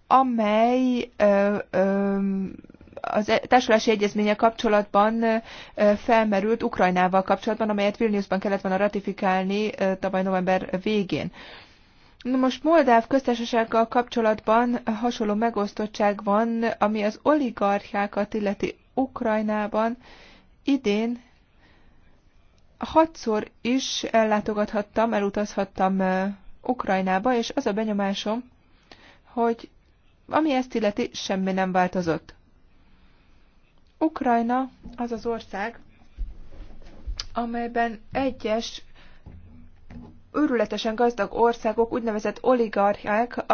amely az e- társulási egyezménye kapcsolatban felmerült Ukrajnával kapcsolatban, amelyet Vilniusban kellett volna ratifikálni tavaly november végén. Most Moldáv köztársasággal kapcsolatban hasonló megosztottság van, ami az oligarchiákat illeti Ukrajnában. Idén hatszor is ellátogathattam, elutazhattam Ukrajnába, és az a benyomásom, hogy ami ezt illeti, semmi nem változott. Ukrajna az az ország, amelyben egyes őrületesen gazdag országok, úgynevezett oligarchák,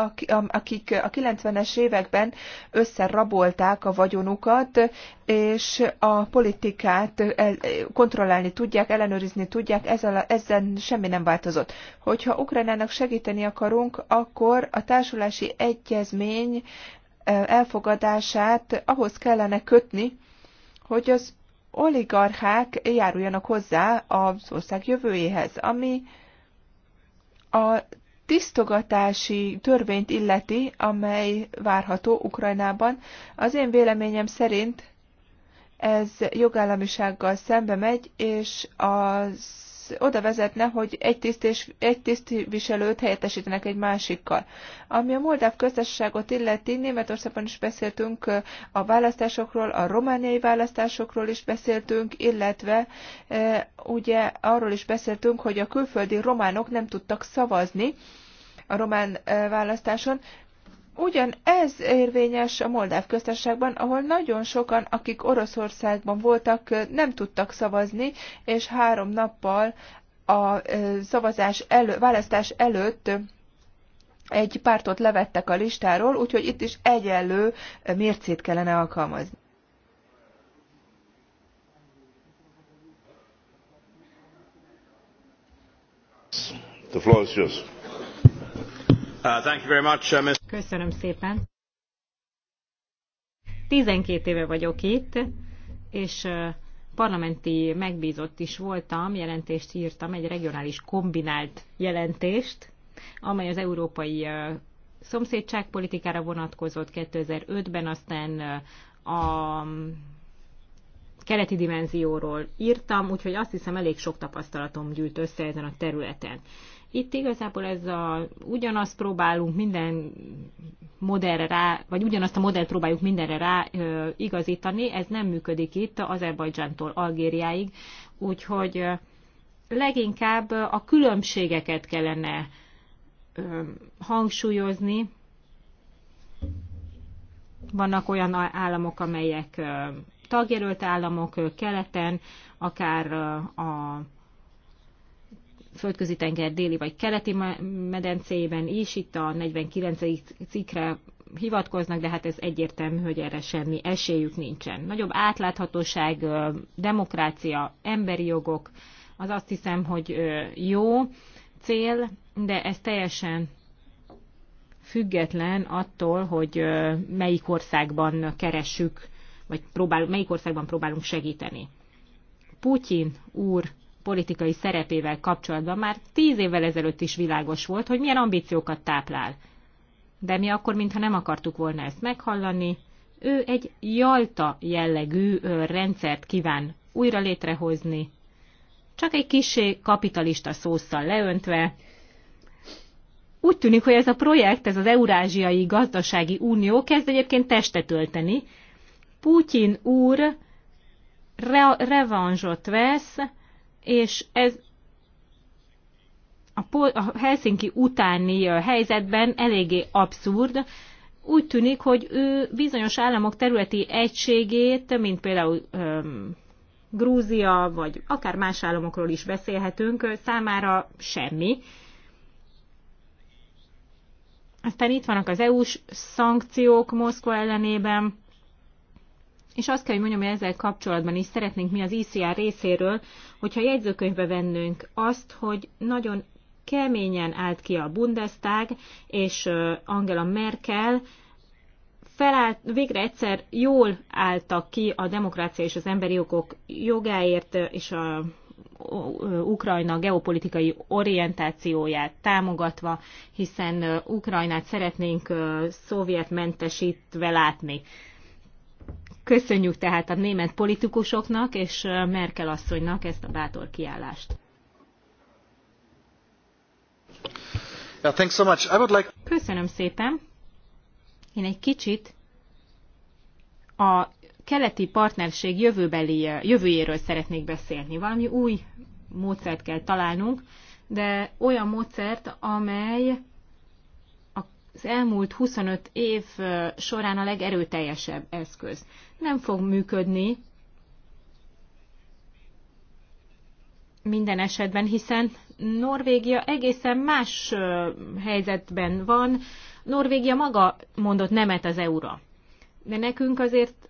akik a 90-es években összerabolták a vagyonukat, és a politikát kontrollálni tudják, ellenőrizni tudják, ezzel, ezzel semmi nem változott. Hogyha Ukrajnának segíteni akarunk, akkor a társulási egyezmény e, elfogadását ahhoz kellene kötni, hogy az oligarchák járuljanak hozzá az ország jövőjéhez, ami a tisztogatási törvényt illeti, amely várható Ukrajnában, az én véleményem szerint ez jogállamisággal szembe megy, és az oda vezetne, hogy egy, tisztés, egy tisztviselőt helyettesítenek egy másikkal. Ami a moldáv köztársaságot illeti, Németországban is beszéltünk a választásokról, a romániai választásokról is beszéltünk, illetve ugye arról is beszéltünk, hogy a külföldi románok nem tudtak szavazni a román választáson. Ugyan ez érvényes a Moldáv köztársaságban, ahol nagyon sokan, akik Oroszországban voltak, nem tudtak szavazni, és három nappal a szavazás elő, választás előtt egy pártot levettek a listáról, úgyhogy itt is egyenlő mércét kellene alkalmazni. The floor is yours. Uh, uh, Köszönöm szépen. 12 éve vagyok itt, és uh, parlamenti megbízott is voltam, jelentést írtam, egy regionális kombinált jelentést, amely az európai szomszédságpolitikára vonatkozott 2005-ben, aztán a um, keleti dimenzióról írtam, úgyhogy azt hiszem elég sok tapasztalatom gyűlt össze ezen a területen. Itt igazából ez a, ugyanazt próbálunk minden modellre rá, vagy ugyanazt a modellt próbáljuk mindenre rá ö, igazítani, ez nem működik itt Azerbajdzsántól Algériáig, úgyhogy ö, leginkább a különbségeket kellene ö, hangsúlyozni. Vannak olyan államok, amelyek ö, tagjelölt államok ö, keleten, akár ö, a földközi tenger déli vagy keleti medencében is, itt a 49. cikkre hivatkoznak, de hát ez egyértelmű, hogy erre semmi esélyük nincsen. Nagyobb átláthatóság, demokrácia, emberi jogok, az azt hiszem, hogy jó cél, de ez teljesen független attól, hogy melyik országban keressük, vagy próbál, melyik országban próbálunk segíteni. Putyin úr politikai szerepével kapcsolatban már tíz évvel ezelőtt is világos volt, hogy milyen ambíciókat táplál. De mi akkor, mintha nem akartuk volna ezt meghallani, ő egy jalta jellegű rendszert kíván újra létrehozni, csak egy kisé kapitalista szószal leöntve. Úgy tűnik, hogy ez a projekt, ez az Eurázsiai Gazdasági Unió kezd egyébként testet ölteni. Putyin úr re- revanzsot vesz, és ez a Helsinki utáni helyzetben eléggé abszurd. Úgy tűnik, hogy ő bizonyos államok területi egységét, mint például öm, Grúzia, vagy akár más államokról is beszélhetünk, számára semmi. Aztán itt vannak az EU-s szankciók Moszkva ellenében, és azt kell, hogy mondjam, hogy ezzel kapcsolatban is szeretnénk mi az ICR részéről, hogyha jegyzőkönyvbe vennünk azt, hogy nagyon keményen állt ki a Bundestag, és Angela Merkel felállt, végre egyszer jól álltak ki a demokrácia és az emberi jogok jogáért, és a Ukrajna geopolitikai orientációját támogatva, hiszen Ukrajnát szeretnénk szovjetmentesítve látni. Köszönjük tehát a német politikusoknak és Merkel asszonynak ezt a bátor kiállást. Yeah, thanks so much. I would like... Köszönöm szépen. Én egy kicsit a keleti partnerség jövőbeli, jövőjéről szeretnék beszélni. Valami új módszert kell találnunk, de olyan módszert, amely az elmúlt 25 év során a legerőteljesebb eszköz. Nem fog működni minden esetben, hiszen Norvégia egészen más helyzetben van. Norvégia maga mondott nemet az euró, De nekünk azért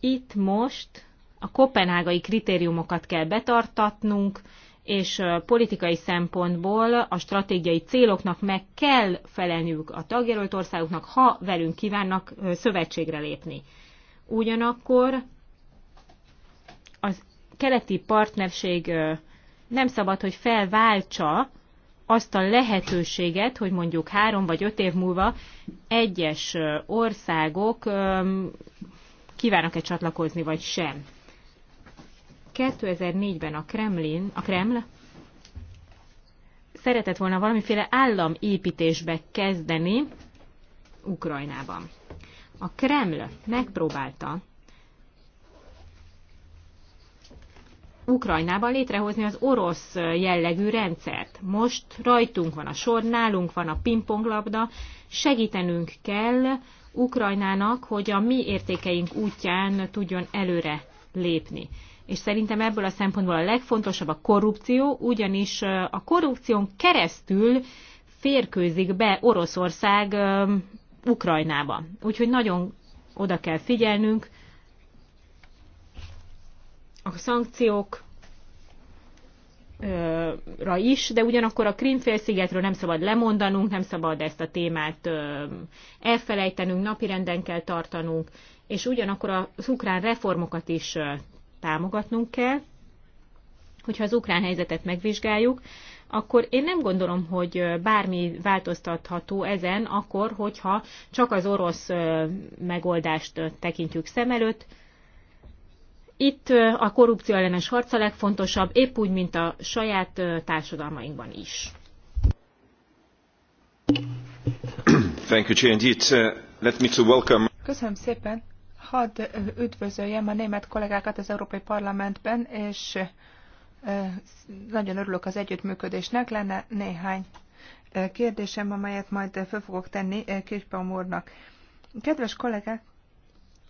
itt most a kopenhágai kritériumokat kell betartatnunk, és politikai szempontból a stratégiai céloknak meg kell felelniük a tagjelölt országoknak, ha velünk kívánnak szövetségre lépni. Ugyanakkor az keleti partnerség nem szabad, hogy felváltsa azt a lehetőséget, hogy mondjuk három vagy öt év múlva egyes országok kívánnak-e csatlakozni, vagy sem. 2004-ben a Kremlin, a Kreml szeretett volna valamiféle államépítésbe kezdeni Ukrajnában. A Kreml megpróbálta Ukrajnában létrehozni az orosz jellegű rendszert. Most rajtunk van a sor, nálunk van a pingponglabda, segítenünk kell Ukrajnának, hogy a mi értékeink útján tudjon előre lépni és szerintem ebből a szempontból a legfontosabb a korrupció, ugyanis a korrupción keresztül férkőzik be Oroszország Ukrajnába. Úgyhogy nagyon oda kell figyelnünk. A szankciók ra is, de ugyanakkor a Krimfélszigetről nem szabad lemondanunk, nem szabad ezt a témát elfelejtenünk, napirenden kell tartanunk, és ugyanakkor az ukrán reformokat is támogatnunk kell. Hogyha az ukrán helyzetet megvizsgáljuk, akkor én nem gondolom, hogy bármi változtatható ezen, akkor, hogyha csak az orosz megoldást tekintjük szem előtt. Itt a korrupció ellenes harc a legfontosabb, épp úgy, mint a saját társadalmainkban is. Thank you, Chair. Indeed, uh, let me to welcome. Köszönöm szépen. Hadd üdvözöljem a német kollégákat az Európai Parlamentben, és nagyon örülök az együttműködésnek. Lenne néhány kérdésem, amelyet majd fel fogok tenni Kirchbaum úrnak. Kedves kollégák,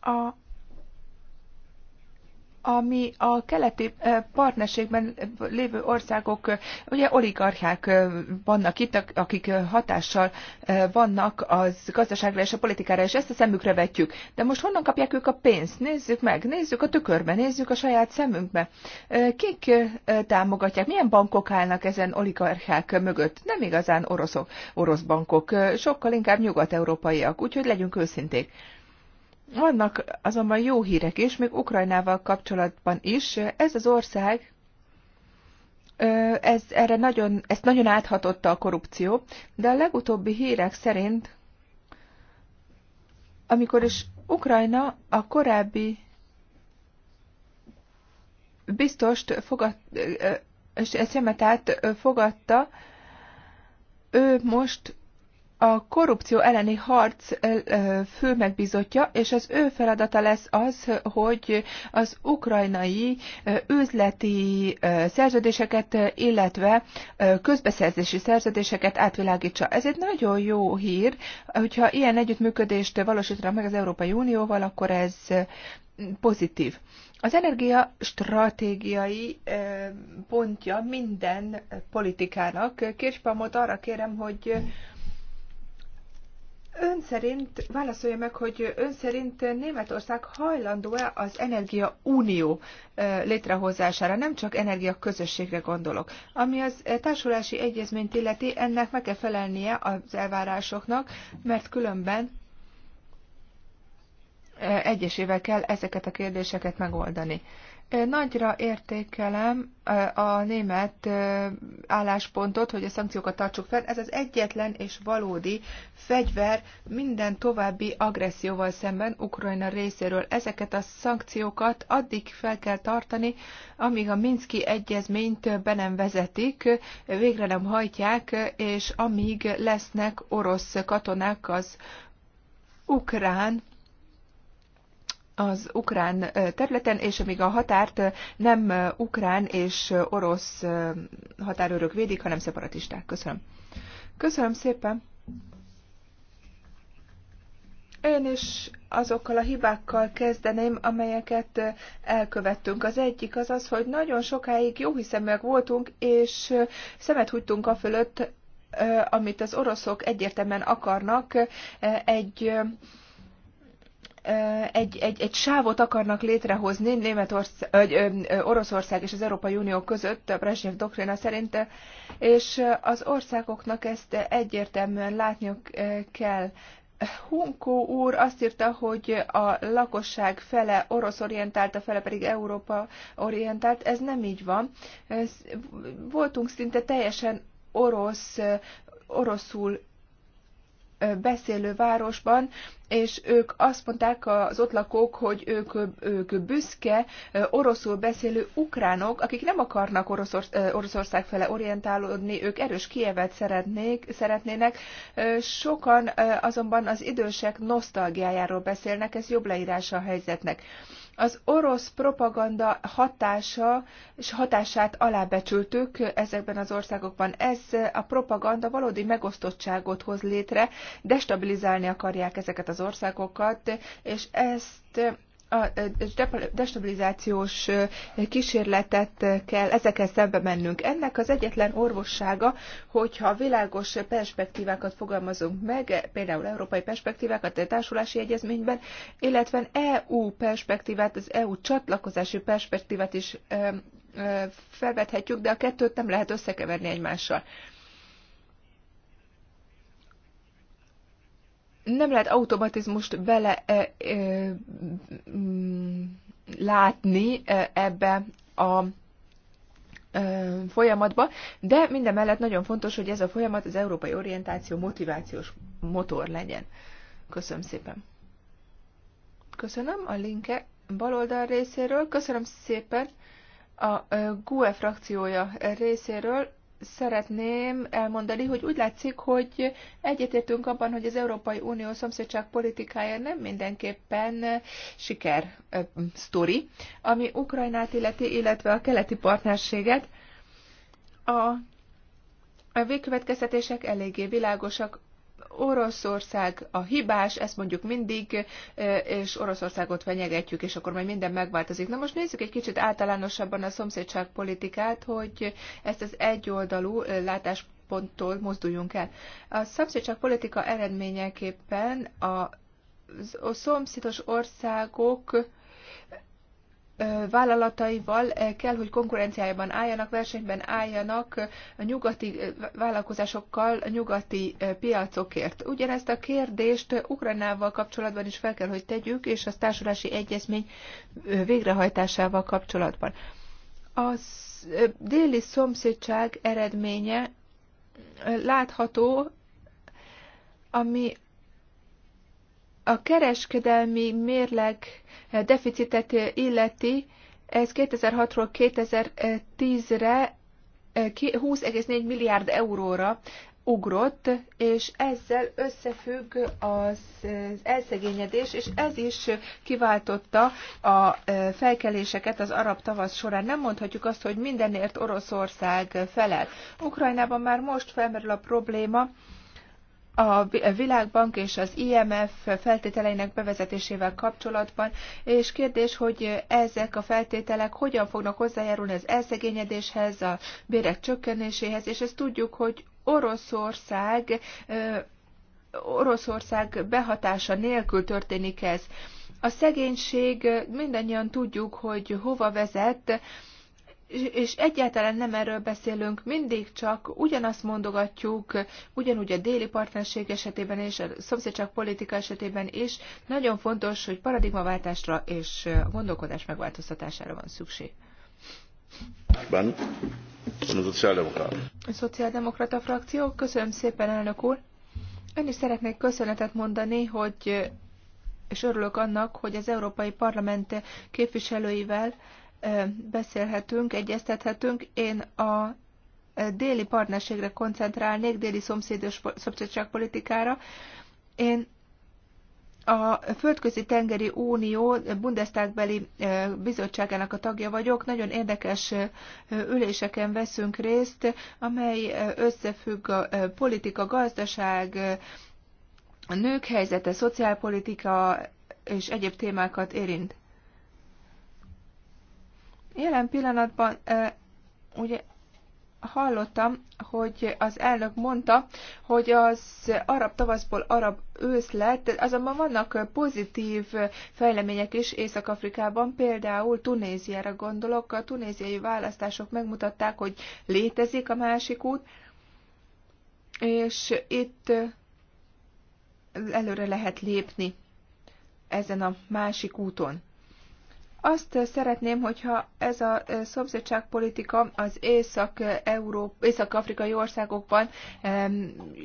a ami a keleti partnerségben lévő országok, ugye oligarchák vannak itt, akik hatással vannak az gazdaságra és a politikára, és ezt a szemükre vetjük. De most honnan kapják ők a pénzt? Nézzük meg, nézzük a tükörbe, nézzük a saját szemünkbe. Kik támogatják? Milyen bankok állnak ezen oligarchák mögött? Nem igazán oroszok, orosz bankok, sokkal inkább nyugat-európaiak, úgyhogy legyünk őszinték vannak azonban jó hírek is, még Ukrajnával kapcsolatban is. Ez az ország, ez, erre nagyon, ezt nagyon áthatotta a korrupció, de a legutóbbi hírek szerint, amikor is Ukrajna a korábbi biztost fogad, Szemetát fogadta, ő most a korrupció elleni harc fő megbizotja, és az ő feladata lesz az, hogy az ukrajnai üzleti szerződéseket, illetve közbeszerzési szerződéseket átvilágítsa. Ez egy nagyon jó hír, hogyha ilyen együttműködést valósítanak meg az Európai Unióval, akkor ez pozitív. Az energia stratégiai pontja minden politikának. Kirspamot arra kérem, hogy Ön szerint, válaszolja meg, hogy ön szerint Németország hajlandó-e az Energia Unió létrehozására? Nem csak energia közösségre gondolok. Ami az társulási egyezményt illeti, ennek meg kell felelnie az elvárásoknak, mert különben egyesével kell ezeket a kérdéseket megoldani. Nagyra értékelem a német álláspontot, hogy a szankciókat tartsuk fel. Ez az egyetlen és valódi fegyver minden további agresszióval szemben Ukrajna részéről. Ezeket a szankciókat addig fel kell tartani, amíg a Minszki egyezményt be nem vezetik, végre nem hajtják, és amíg lesznek orosz katonák az ukrán az ukrán területen, és amíg a határt nem ukrán és orosz határőrök védik, hanem szeparatisták. Köszönöm. Köszönöm szépen. Én is azokkal a hibákkal kezdeném, amelyeket elkövettünk. Az egyik az az, hogy nagyon sokáig hiszeműek voltunk, és szemet húgytunk a fölött, amit az oroszok egyértelműen akarnak, egy egy, egy, egy sávot akarnak létrehozni Németország, ö, Oroszország és az Európai Unió között, a Brezsnyev doktrina szerint, és az országoknak ezt egyértelműen látniuk kell. Hunkó úr azt írta, hogy a lakosság fele orosz orientált, a fele pedig Európa orientált. Ez nem így van. Voltunk szinte teljesen orosz, oroszul beszélő városban, és ők azt mondták az ott lakók, hogy ők, ők büszke oroszul beszélő ukránok, akik nem akarnak Oroszorsz, Oroszország fele orientálódni, ők erős Kievet szeretnék, szeretnének. Sokan azonban az idősek nosztalgiájáról beszélnek, ez jobb leírása a helyzetnek. Az orosz propaganda hatása és hatását alábecsültük ezekben az országokban. Ez a propaganda valódi megosztottságot hoz létre, destabilizálni akarják ezeket az országokat, és ezt a destabilizációs kísérletet kell, ezekkel szembe mennünk. Ennek az egyetlen orvossága, hogyha világos perspektívákat fogalmazunk meg, például európai perspektívákat a társulási egyezményben, illetve EU perspektívát, az EU csatlakozási perspektívát is felvethetjük, de a kettőt nem lehet összekeverni egymással. nem lehet automatizmust bele e, e, látni ebbe a folyamatba, de minden mellett nagyon fontos, hogy ez a folyamat az európai orientáció motivációs motor legyen. Köszönöm szépen. Köszönöm a linke baloldal részéről, köszönöm szépen a GUE frakciója részéről szeretném elmondani, hogy úgy látszik, hogy egyetértünk abban, hogy az Európai Unió szomszédság politikája nem mindenképpen siker ö, sztori, ami Ukrajnát illeti, illetve a keleti partnerséget. A a végkövetkeztetések eléggé világosak Oroszország a hibás, ezt mondjuk mindig, e, és Oroszországot fenyegetjük, és akkor majd minden megváltozik. Na most nézzük egy kicsit általánosabban a szomszédságpolitikát, hogy ezt az egyoldalú e, látásponttól mozduljunk el. A szomszédságpolitika eredményeképpen a szomszédos országok vállalataival kell, hogy konkurenciájában álljanak, versenyben álljanak a nyugati vállalkozásokkal, a nyugati piacokért. Ugyanezt a kérdést Ukrajnával kapcsolatban is fel kell, hogy tegyük, és a társulási egyezmény végrehajtásával kapcsolatban. A déli szomszédság eredménye látható, ami a kereskedelmi mérleg deficitet illeti, ez 2006-ról 2010-re 20,4 milliárd euróra ugrott, és ezzel összefügg az eh, elszegényedés, és ez is kiváltotta a eh, felkeléseket az arab tavasz során. Nem mondhatjuk azt, hogy mindenért Oroszország felel. Ukrajnában már most felmerül a probléma, a Világbank és az IMF feltételeinek bevezetésével kapcsolatban, és kérdés, hogy ezek a feltételek hogyan fognak hozzájárulni az elszegényedéshez, a bérek csökkenéséhez, és ezt tudjuk, hogy Oroszország Oroszország behatása nélkül történik ez. A szegénység mindannyian tudjuk, hogy hova vezet, és egyáltalán nem erről beszélünk, mindig csak ugyanazt mondogatjuk, ugyanúgy a déli partnerség esetében és a szomszédság politika esetében is. Nagyon fontos, hogy paradigmaváltásra és a gondolkodás megváltoztatására van szükség. Ben, a szociáldemokrata. A szociáldemokrata frakció, köszönöm szépen, elnök úr. Ön is szeretnék köszönetet mondani, hogy és örülök annak, hogy az Európai Parlament képviselőivel beszélhetünk, egyeztethetünk. Én a déli partnerségre koncentrálnék, déli szomszédos szomszédságpolitikára. Én a Földközi Tengeri Unió Bundestagbeli bizottságának a tagja vagyok. Nagyon érdekes üléseken veszünk részt, amely összefügg a politika, gazdaság, a nők helyzete, szociálpolitika és egyéb témákat érint. Jelen pillanatban ugye hallottam, hogy az elnök mondta, hogy az arab tavaszból arab ősz lett, azonban vannak pozitív fejlemények is Észak-Afrikában, például Tunéziára gondolok, a tunéziai választások megmutatták, hogy létezik a másik út, és itt előre lehet lépni ezen a másik úton. Azt szeretném, hogyha ez a eh, szomszédságpolitika az észak-afrikai észak országokban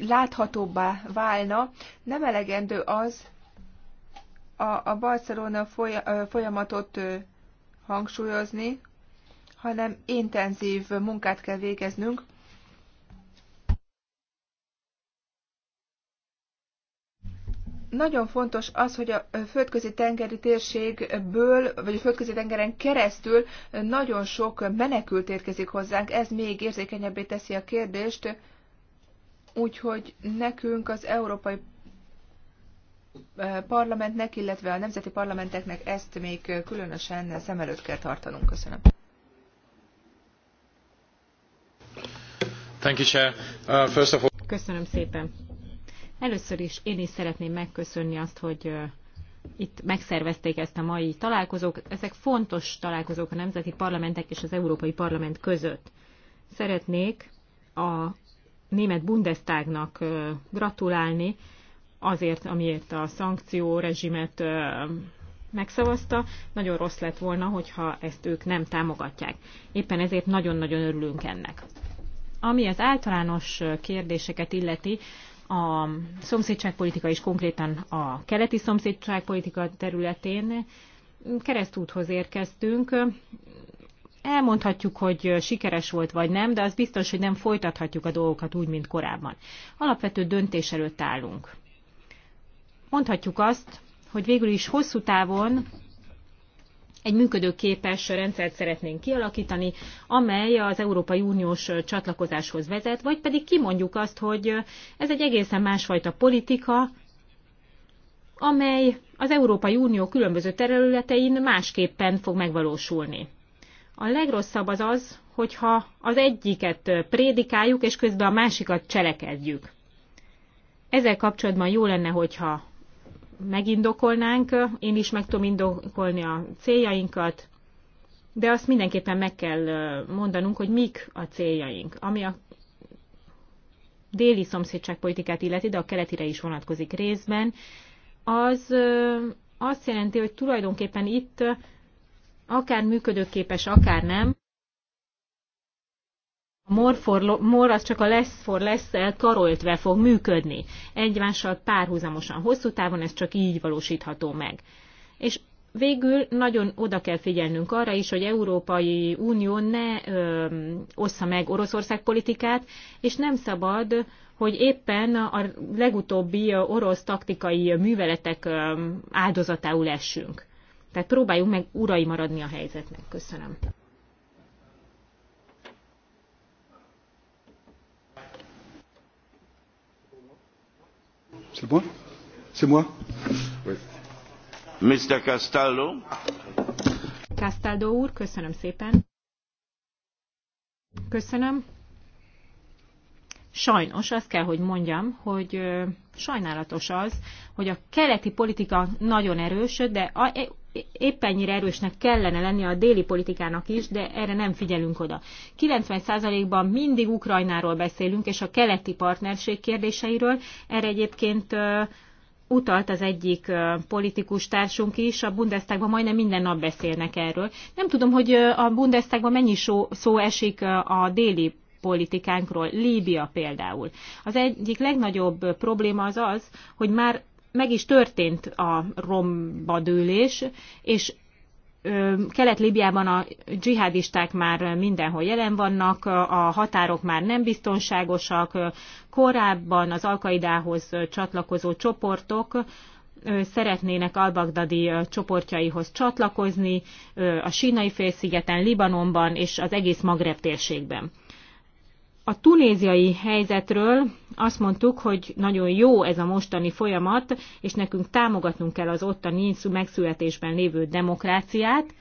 láthatóbbá válna. Nem elegendő az a, a Barcelona folyamatot hangsúlyozni, hanem intenzív munkát kell végeznünk Nagyon fontos az, hogy a földközi tengeri térségből, vagy a földközi tengeren keresztül nagyon sok menekült érkezik hozzánk. Ez még érzékenyebbé teszi a kérdést, úgyhogy nekünk az Európai eh, Parlamentnek, illetve a nemzeti parlamenteknek ezt még különösen szem előtt kell tartanunk. Köszönöm. Thank you, Chair. Uh, first of all... Köszönöm szépen. Először is én is szeretném megköszönni azt, hogy itt megszervezték ezt a mai találkozók. Ezek fontos találkozók a nemzeti parlamentek és az Európai Parlament között. Szeretnék a német Bundestagnak gratulálni azért, amiért a szankció rezsimet megszavazta. Nagyon rossz lett volna, hogyha ezt ők nem támogatják. Éppen ezért nagyon-nagyon örülünk ennek. Ami az általános kérdéseket illeti, a szomszédságpolitika és konkrétan a keleti szomszédságpolitika területén keresztúthoz érkeztünk. Elmondhatjuk, hogy sikeres volt vagy nem, de az biztos, hogy nem folytathatjuk a dolgokat úgy, mint korábban. Alapvető döntés előtt állunk. Mondhatjuk azt, hogy végül is hosszú távon egy működőképes rendszert szeretnénk kialakítani, amely az Európai Uniós csatlakozáshoz vezet, vagy pedig kimondjuk azt, hogy ez egy egészen másfajta politika, amely az Európai Unió különböző területein másképpen fog megvalósulni. A legrosszabb az az, hogyha az egyiket prédikáljuk, és közben a másikat cselekedjük. Ezzel kapcsolatban jó lenne, hogyha megindokolnánk, én is meg tudom indokolni a céljainkat, de azt mindenképpen meg kell mondanunk, hogy mik a céljaink, ami a déli szomszédságpolitikát illeti, de a keletire is vonatkozik részben, az azt jelenti, hogy tulajdonképpen itt akár működőképes, akár nem, a more, for, more az csak a less for less karoltve fog működni. Egymással párhuzamosan, hosszú távon ez csak így valósítható meg. És végül nagyon oda kell figyelnünk arra is, hogy Európai Unió ne ö, ossza meg Oroszország politikát, és nem szabad, hogy éppen a legutóbbi orosz taktikai műveletek áldozatául essünk. Tehát próbáljunk meg urai maradni a helyzetnek. Köszönöm. C'est moi C'est moi oui. Mr. Castaldo. Castaldo úr, köszönöm szépen. Köszönöm. Sajnos azt kell, hogy mondjam, hogy sajnálatos az, hogy a keleti politika nagyon erős, de a éppennyire erősnek kellene lennie a déli politikának is, de erre nem figyelünk oda. 90%-ban mindig Ukrajnáról beszélünk, és a keleti partnerség kérdéseiről. Erre egyébként utalt az egyik politikus társunk is, a Bundestagban majdnem minden nap beszélnek erről. Nem tudom, hogy a Bundestagban mennyi szó, szó esik a déli politikánkról, Líbia például. Az egyik legnagyobb probléma az az, hogy már meg is történt a rombadőlés, és kelet libyában a dzsihadisták már mindenhol jelen vannak, a határok már nem biztonságosak, korábban az Alkaidához csatlakozó csoportok szeretnének albagdadi csoportjaihoz csatlakozni a sínai félszigeten, Libanonban és az egész Magreb térségben a tunéziai helyzetről azt mondtuk, hogy nagyon jó ez a mostani folyamat, és nekünk támogatnunk kell az ottani megszületésben lévő demokráciát,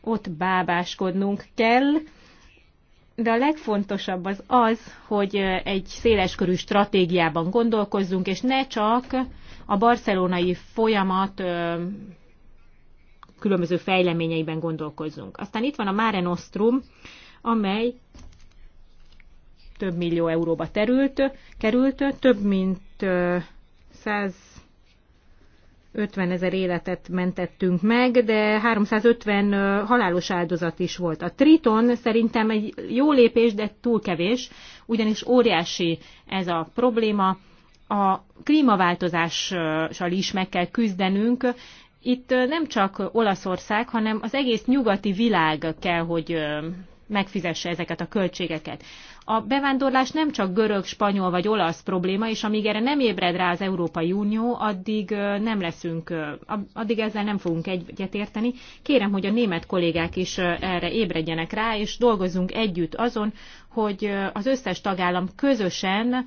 ott bábáskodnunk kell, de a legfontosabb az az, hogy egy széleskörű stratégiában gondolkozzunk, és ne csak a barcelonai folyamat különböző fejleményeiben gondolkozzunk. Aztán itt van a Mare Nostrum, amely több millió euróba terült, került, több mint 150 ezer életet mentettünk meg, de 350 halálos áldozat is volt. A Triton szerintem egy jó lépés, de túl kevés, ugyanis óriási ez a probléma. A klímaváltozással is meg kell küzdenünk, itt nem csak Olaszország, hanem az egész nyugati világ kell, hogy megfizesse ezeket a költségeket. A bevándorlás nem csak görög, spanyol vagy olasz probléma, és amíg erre nem ébred rá az Európai Unió, addig nem leszünk, addig ezzel nem fogunk egyetérteni. Kérem, hogy a német kollégák is erre ébredjenek rá, és dolgozzunk együtt azon, hogy az összes tagállam közösen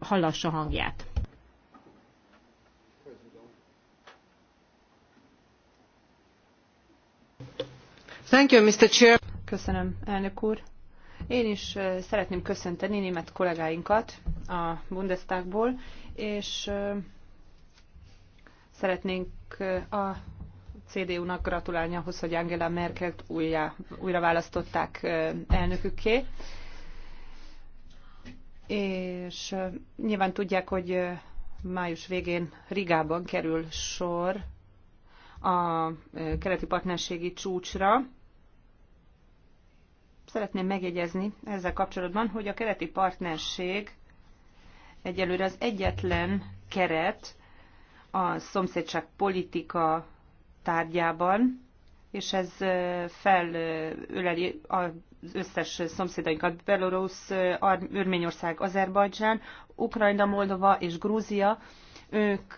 hallassa hangját. Thank you, Mr. Chair. Köszönöm, elnök úr. Én is szeretném köszönteni német kollégáinkat a Bundestagból, és szeretnénk a CDU-nak gratulálni ahhoz, hogy Angela Merkelt újra, újra választották elnökükké. És nyilván tudják, hogy május végén Rigában kerül sor a keleti partnerségi csúcsra, Szeretném megjegyezni ezzel kapcsolatban, hogy a kereti partnerség egyelőre az egyetlen keret a szomszédság politika tárgyában, és ez felöleli az összes szomszédainkat, Belarus, Örményország, Azerbajdzsán, Ukrajna, Moldova és Grúzia, ők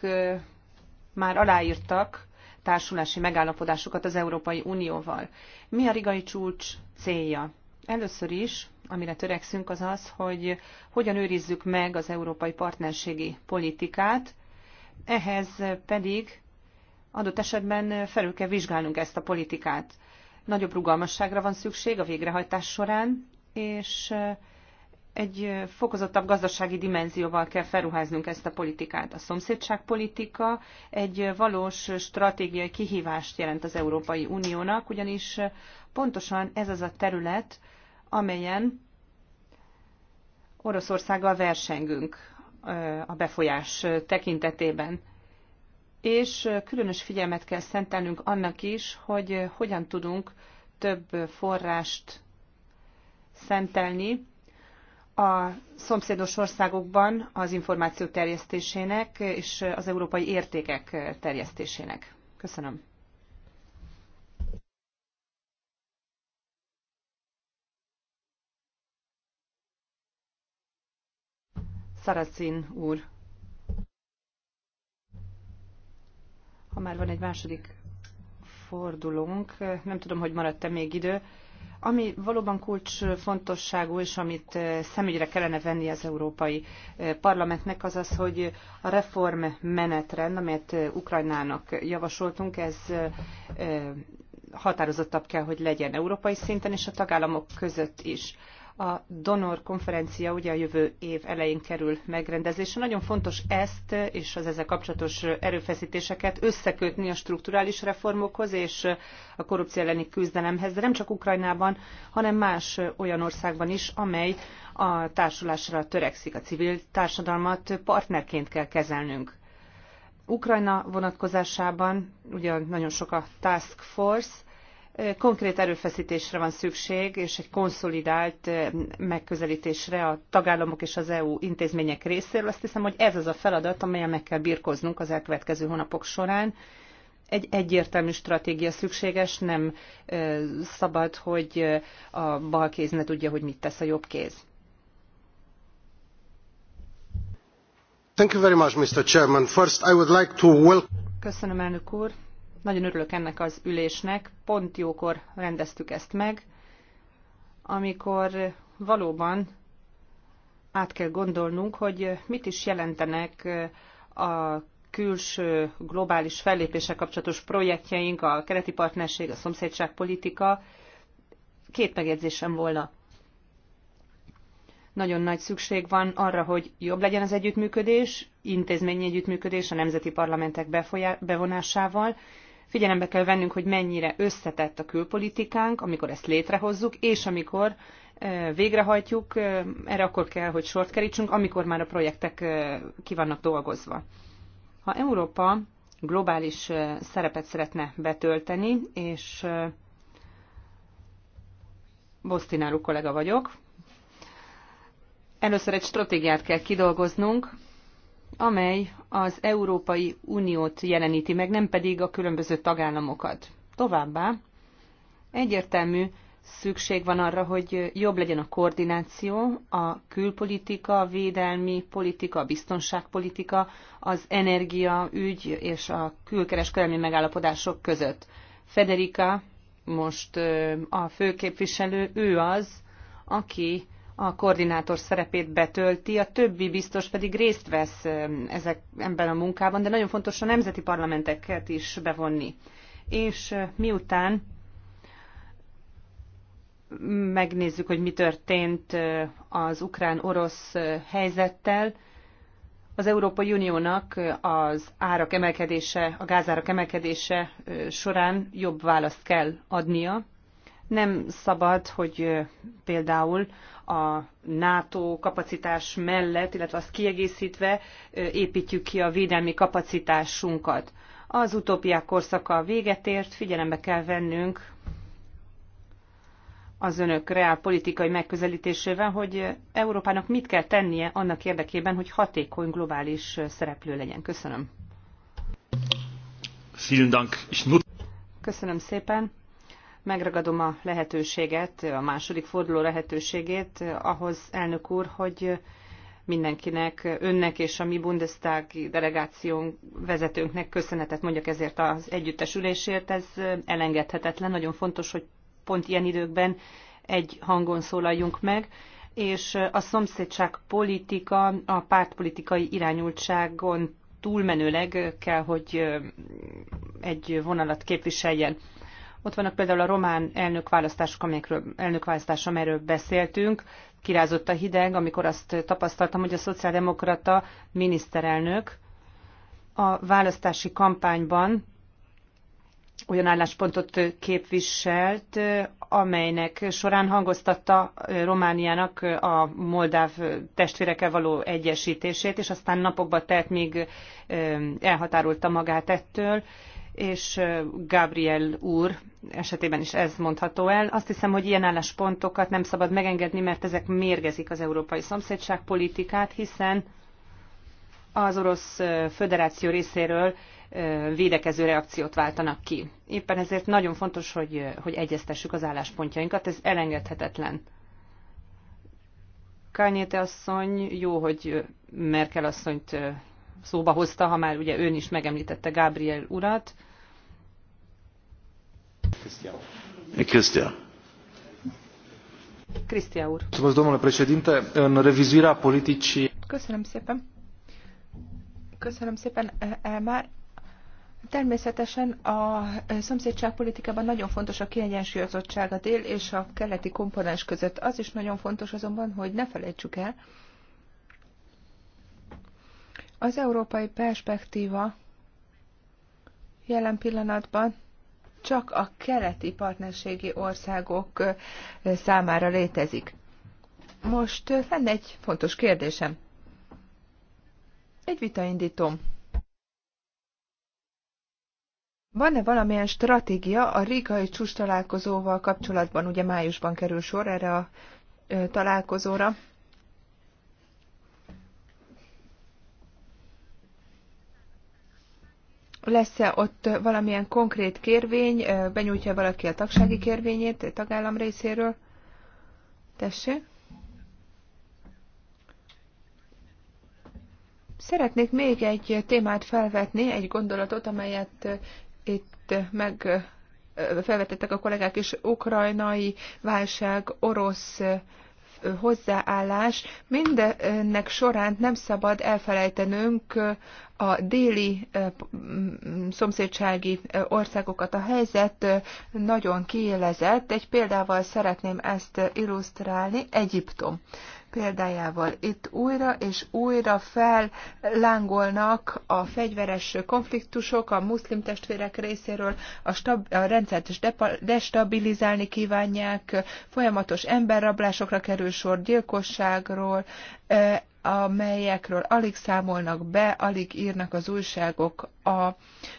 már aláírtak társulási megállapodásokat az Európai Unióval. Mi a rigai csúcs célja? Először is, amire törekszünk, az az, hogy hogyan őrizzük meg az európai partnerségi politikát, ehhez pedig adott esetben felül kell vizsgálnunk ezt a politikát. Nagyobb rugalmasságra van szükség a végrehajtás során, és eh, egy fokozottabb gazdasági dimenzióval kell felruháznunk ezt a politikát. A szomszédságpolitika egy valós stratégiai kihívást jelent az Európai Uniónak, ugyanis pontosan ez az a terület, amelyen Oroszországgal versengünk a befolyás tekintetében. És különös figyelmet kell szentelnünk annak is, hogy hogyan tudunk több forrást szentelni a szomszédos országokban az információ terjesztésének és az európai értékek terjesztésének. Köszönöm. Szaracin úr. Ha már van egy második fordulónk, nem tudom, hogy maradt-e még idő, ami valóban kulcsfontosságú, és amit eh, szemügyre kellene venni az Európai eh, Parlamentnek, az az, hogy a reform menetrend, amelyet eh, Ukrajnának javasoltunk, ez határozottabb kell, hogy legyen európai szinten és a tagállamok között is. A donor konferencia ugye a jövő év elején kerül megrendezésre. Nagyon fontos ezt és az ezzel kapcsolatos erőfeszítéseket összekötni a strukturális reformokhoz és a korrupció elleni küzdelemhez, de nem csak Ukrajnában, hanem más olyan országban is, amely a társulásra törekszik. A civil társadalmat partnerként kell kezelnünk. Ukrajna vonatkozásában ugye nagyon sok a task force, Konkrét erőfeszítésre van szükség, és egy konszolidált eh, megközelítésre a tagállamok és az EU intézmények részéről. Azt hiszem, hogy ez az a feladat, amelyen meg kell birkoznunk az elkövetkező hónapok során. Egy egyértelmű stratégia szükséges, nem eh, szabad, hogy eh, a bal kéz ne tudja, hogy mit tesz a jobb kéz. Thank you very much, Mr. Chairman. First, I would like to welcome... Köszönöm, elnök úr. Nagyon örülök ennek az ülésnek. Pont jókor rendeztük ezt meg, amikor valóban át kell gondolnunk, hogy mit is jelentenek a külső globális fellépése kapcsolatos projektjeink, a kereti partnerség, a szomszédságpolitika. Két megjegyzésem volna. Nagyon nagy szükség van arra, hogy jobb legyen az együttműködés, intézményi együttműködés a nemzeti parlamentek bevonásával, Figyelembe kell vennünk, hogy mennyire összetett a külpolitikánk, amikor ezt létrehozzuk, és amikor eh, végrehajtjuk, eh, erre akkor kell, hogy sort kerítsünk, amikor már a projektek eh, ki vannak dolgozva. Ha Európa globális szerepet szeretne betölteni, és Bosztinárú kollega vagyok, először egy stratégiát kell kidolgoznunk, amely az Európai Uniót jeleníti meg, nem pedig a különböző tagállamokat. Továbbá egyértelmű szükség van arra, hogy jobb legyen a koordináció, a külpolitika, a védelmi politika, a biztonságpolitika, az energiaügy és a külkereskedelmi megállapodások között. Federica, most a főképviselő, ő az, aki a koordinátor szerepét betölti, a többi biztos pedig részt vesz um, ezek, ebben a munkában, de nagyon fontos a nemzeti parlamenteket is bevonni. És uh, miután megnézzük, hogy mi történt uh, az ukrán-orosz uh, helyzettel, az Európai Uniónak az árak emelkedése, a gázárak emelkedése során jobb választ kell adnia, nem szabad, hogy például a NATO kapacitás mellett, illetve azt kiegészítve építjük ki a védelmi kapacitásunkat. Az utópiák korszaka véget ért, figyelembe kell vennünk az önök reál politikai megközelítésével, hogy Európának mit kell tennie annak érdekében, hogy hatékony globális szereplő legyen. Köszönöm. Köszönöm szépen megragadom a lehetőséget, a második forduló lehetőségét ahhoz, elnök úr, hogy mindenkinek, önnek és a mi Bundestag delegációnk vezetőnknek köszönetet mondjak ezért az együttesülésért. Ez elengedhetetlen, nagyon fontos, hogy pont ilyen időkben egy hangon szólaljunk meg, és a szomszédság politika a pártpolitikai irányultságon túlmenőleg kell, hogy egy vonalat képviseljen. Ott vannak például a román elnökválasztások, amikről, elnökválasztás, amelyről beszéltünk. Kirázott a hideg, amikor azt tapasztaltam, hogy a szociáldemokrata miniszterelnök a választási kampányban olyan álláspontot képviselt, amelynek során hangoztatta Romániának a moldáv testvérekkel való egyesítését, és aztán napokba telt, míg elhatárolta magát ettől, és Gabriel úr esetében is ez mondható el. Azt hiszem, hogy ilyen álláspontokat nem szabad megengedni, mert ezek mérgezik az európai politikát, hiszen az Orosz Föderáció részéről védekező reakciót váltanak ki. Éppen ezért nagyon fontos, hogy, hogy egyeztessük az álláspontjainkat, ez elengedhetetlen. Kányéte asszony, jó, hogy Merkel asszonyt szóba hozta, ha már ugye ön is megemlítette Gabriel urat. Cristian. Cristian. Cristian úr. Köszönöm szépen. Köszönöm szépen, Elmár. Természetesen a szomszédságpolitikában nagyon fontos a kiegyensúlyozottság a dél és a keleti komponens között. Az is nagyon fontos azonban, hogy ne felejtsük el, az európai perspektíva jelen pillanatban csak a keleti partnerségi országok számára létezik. Most lenne egy fontos kérdésem. Egy vita indítom. Van-e valamilyen stratégia a rigai csúcs találkozóval kapcsolatban? Ugye májusban kerül sor erre a találkozóra. lesz-e ott valamilyen konkrét kérvény, benyújtja valaki a tagsági kérvényét a tagállam részéről? Tessék. Szeretnék még egy témát felvetni, egy gondolatot, amelyet itt meg felvetettek a kollégák is, ukrajnai válság, orosz hozzáállás. Mindennek során nem szabad elfelejtenünk a déli eh, mm, szomszédsági eh, országokat. A helyzet eh, nagyon kiélezett. Egy példával szeretném ezt illusztrálni. Egyiptom példájával. Itt újra és újra fellángolnak a fegyveres konfliktusok a muszlim testvérek részéről, a, stab- a rendszert is destabilizálni kívánják, folyamatos emberrablásokra kerül sor, gyilkosságról, amelyekről alig számolnak be, alig írnak az újságok. A,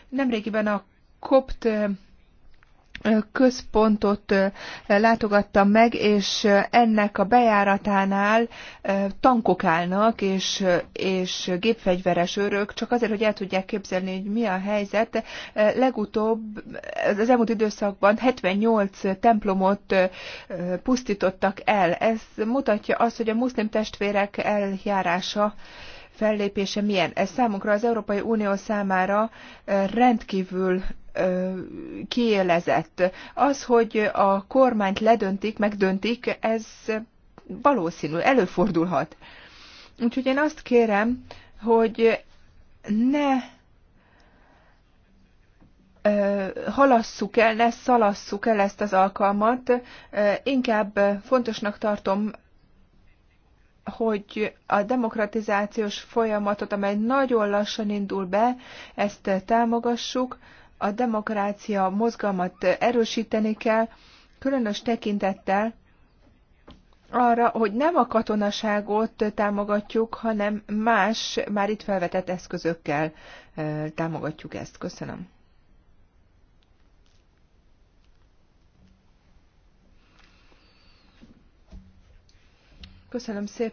nemrégiben a kopt központot látogattam meg, és ennek a bejáratánál tankok állnak, és, és gépfegyveres őrök, csak azért, hogy el tudják képzelni, hogy mi a helyzet. Legutóbb, az elmúlt időszakban 78 templomot pusztítottak el. Ez mutatja azt, hogy a muszlim testvérek eljárása fellépése milyen. Ez számunkra, az Európai Unió számára rendkívül kiélezett. Az, hogy a kormányt ledöntik, megdöntik, ez valószínű, előfordulhat. Úgyhogy én azt kérem, hogy ne halasszuk el, ne szalasszuk el ezt az alkalmat, inkább fontosnak tartom hogy a demokratizációs folyamatot, amely nagyon lassan indul be, ezt támogassuk, a demokrácia mozgalmat erősíteni kell, különös tekintettel arra, hogy nem a katonaságot támogatjuk, hanem más, már itt felvetett eszközökkel támogatjuk ezt. Köszönöm. Köszönöm szépen.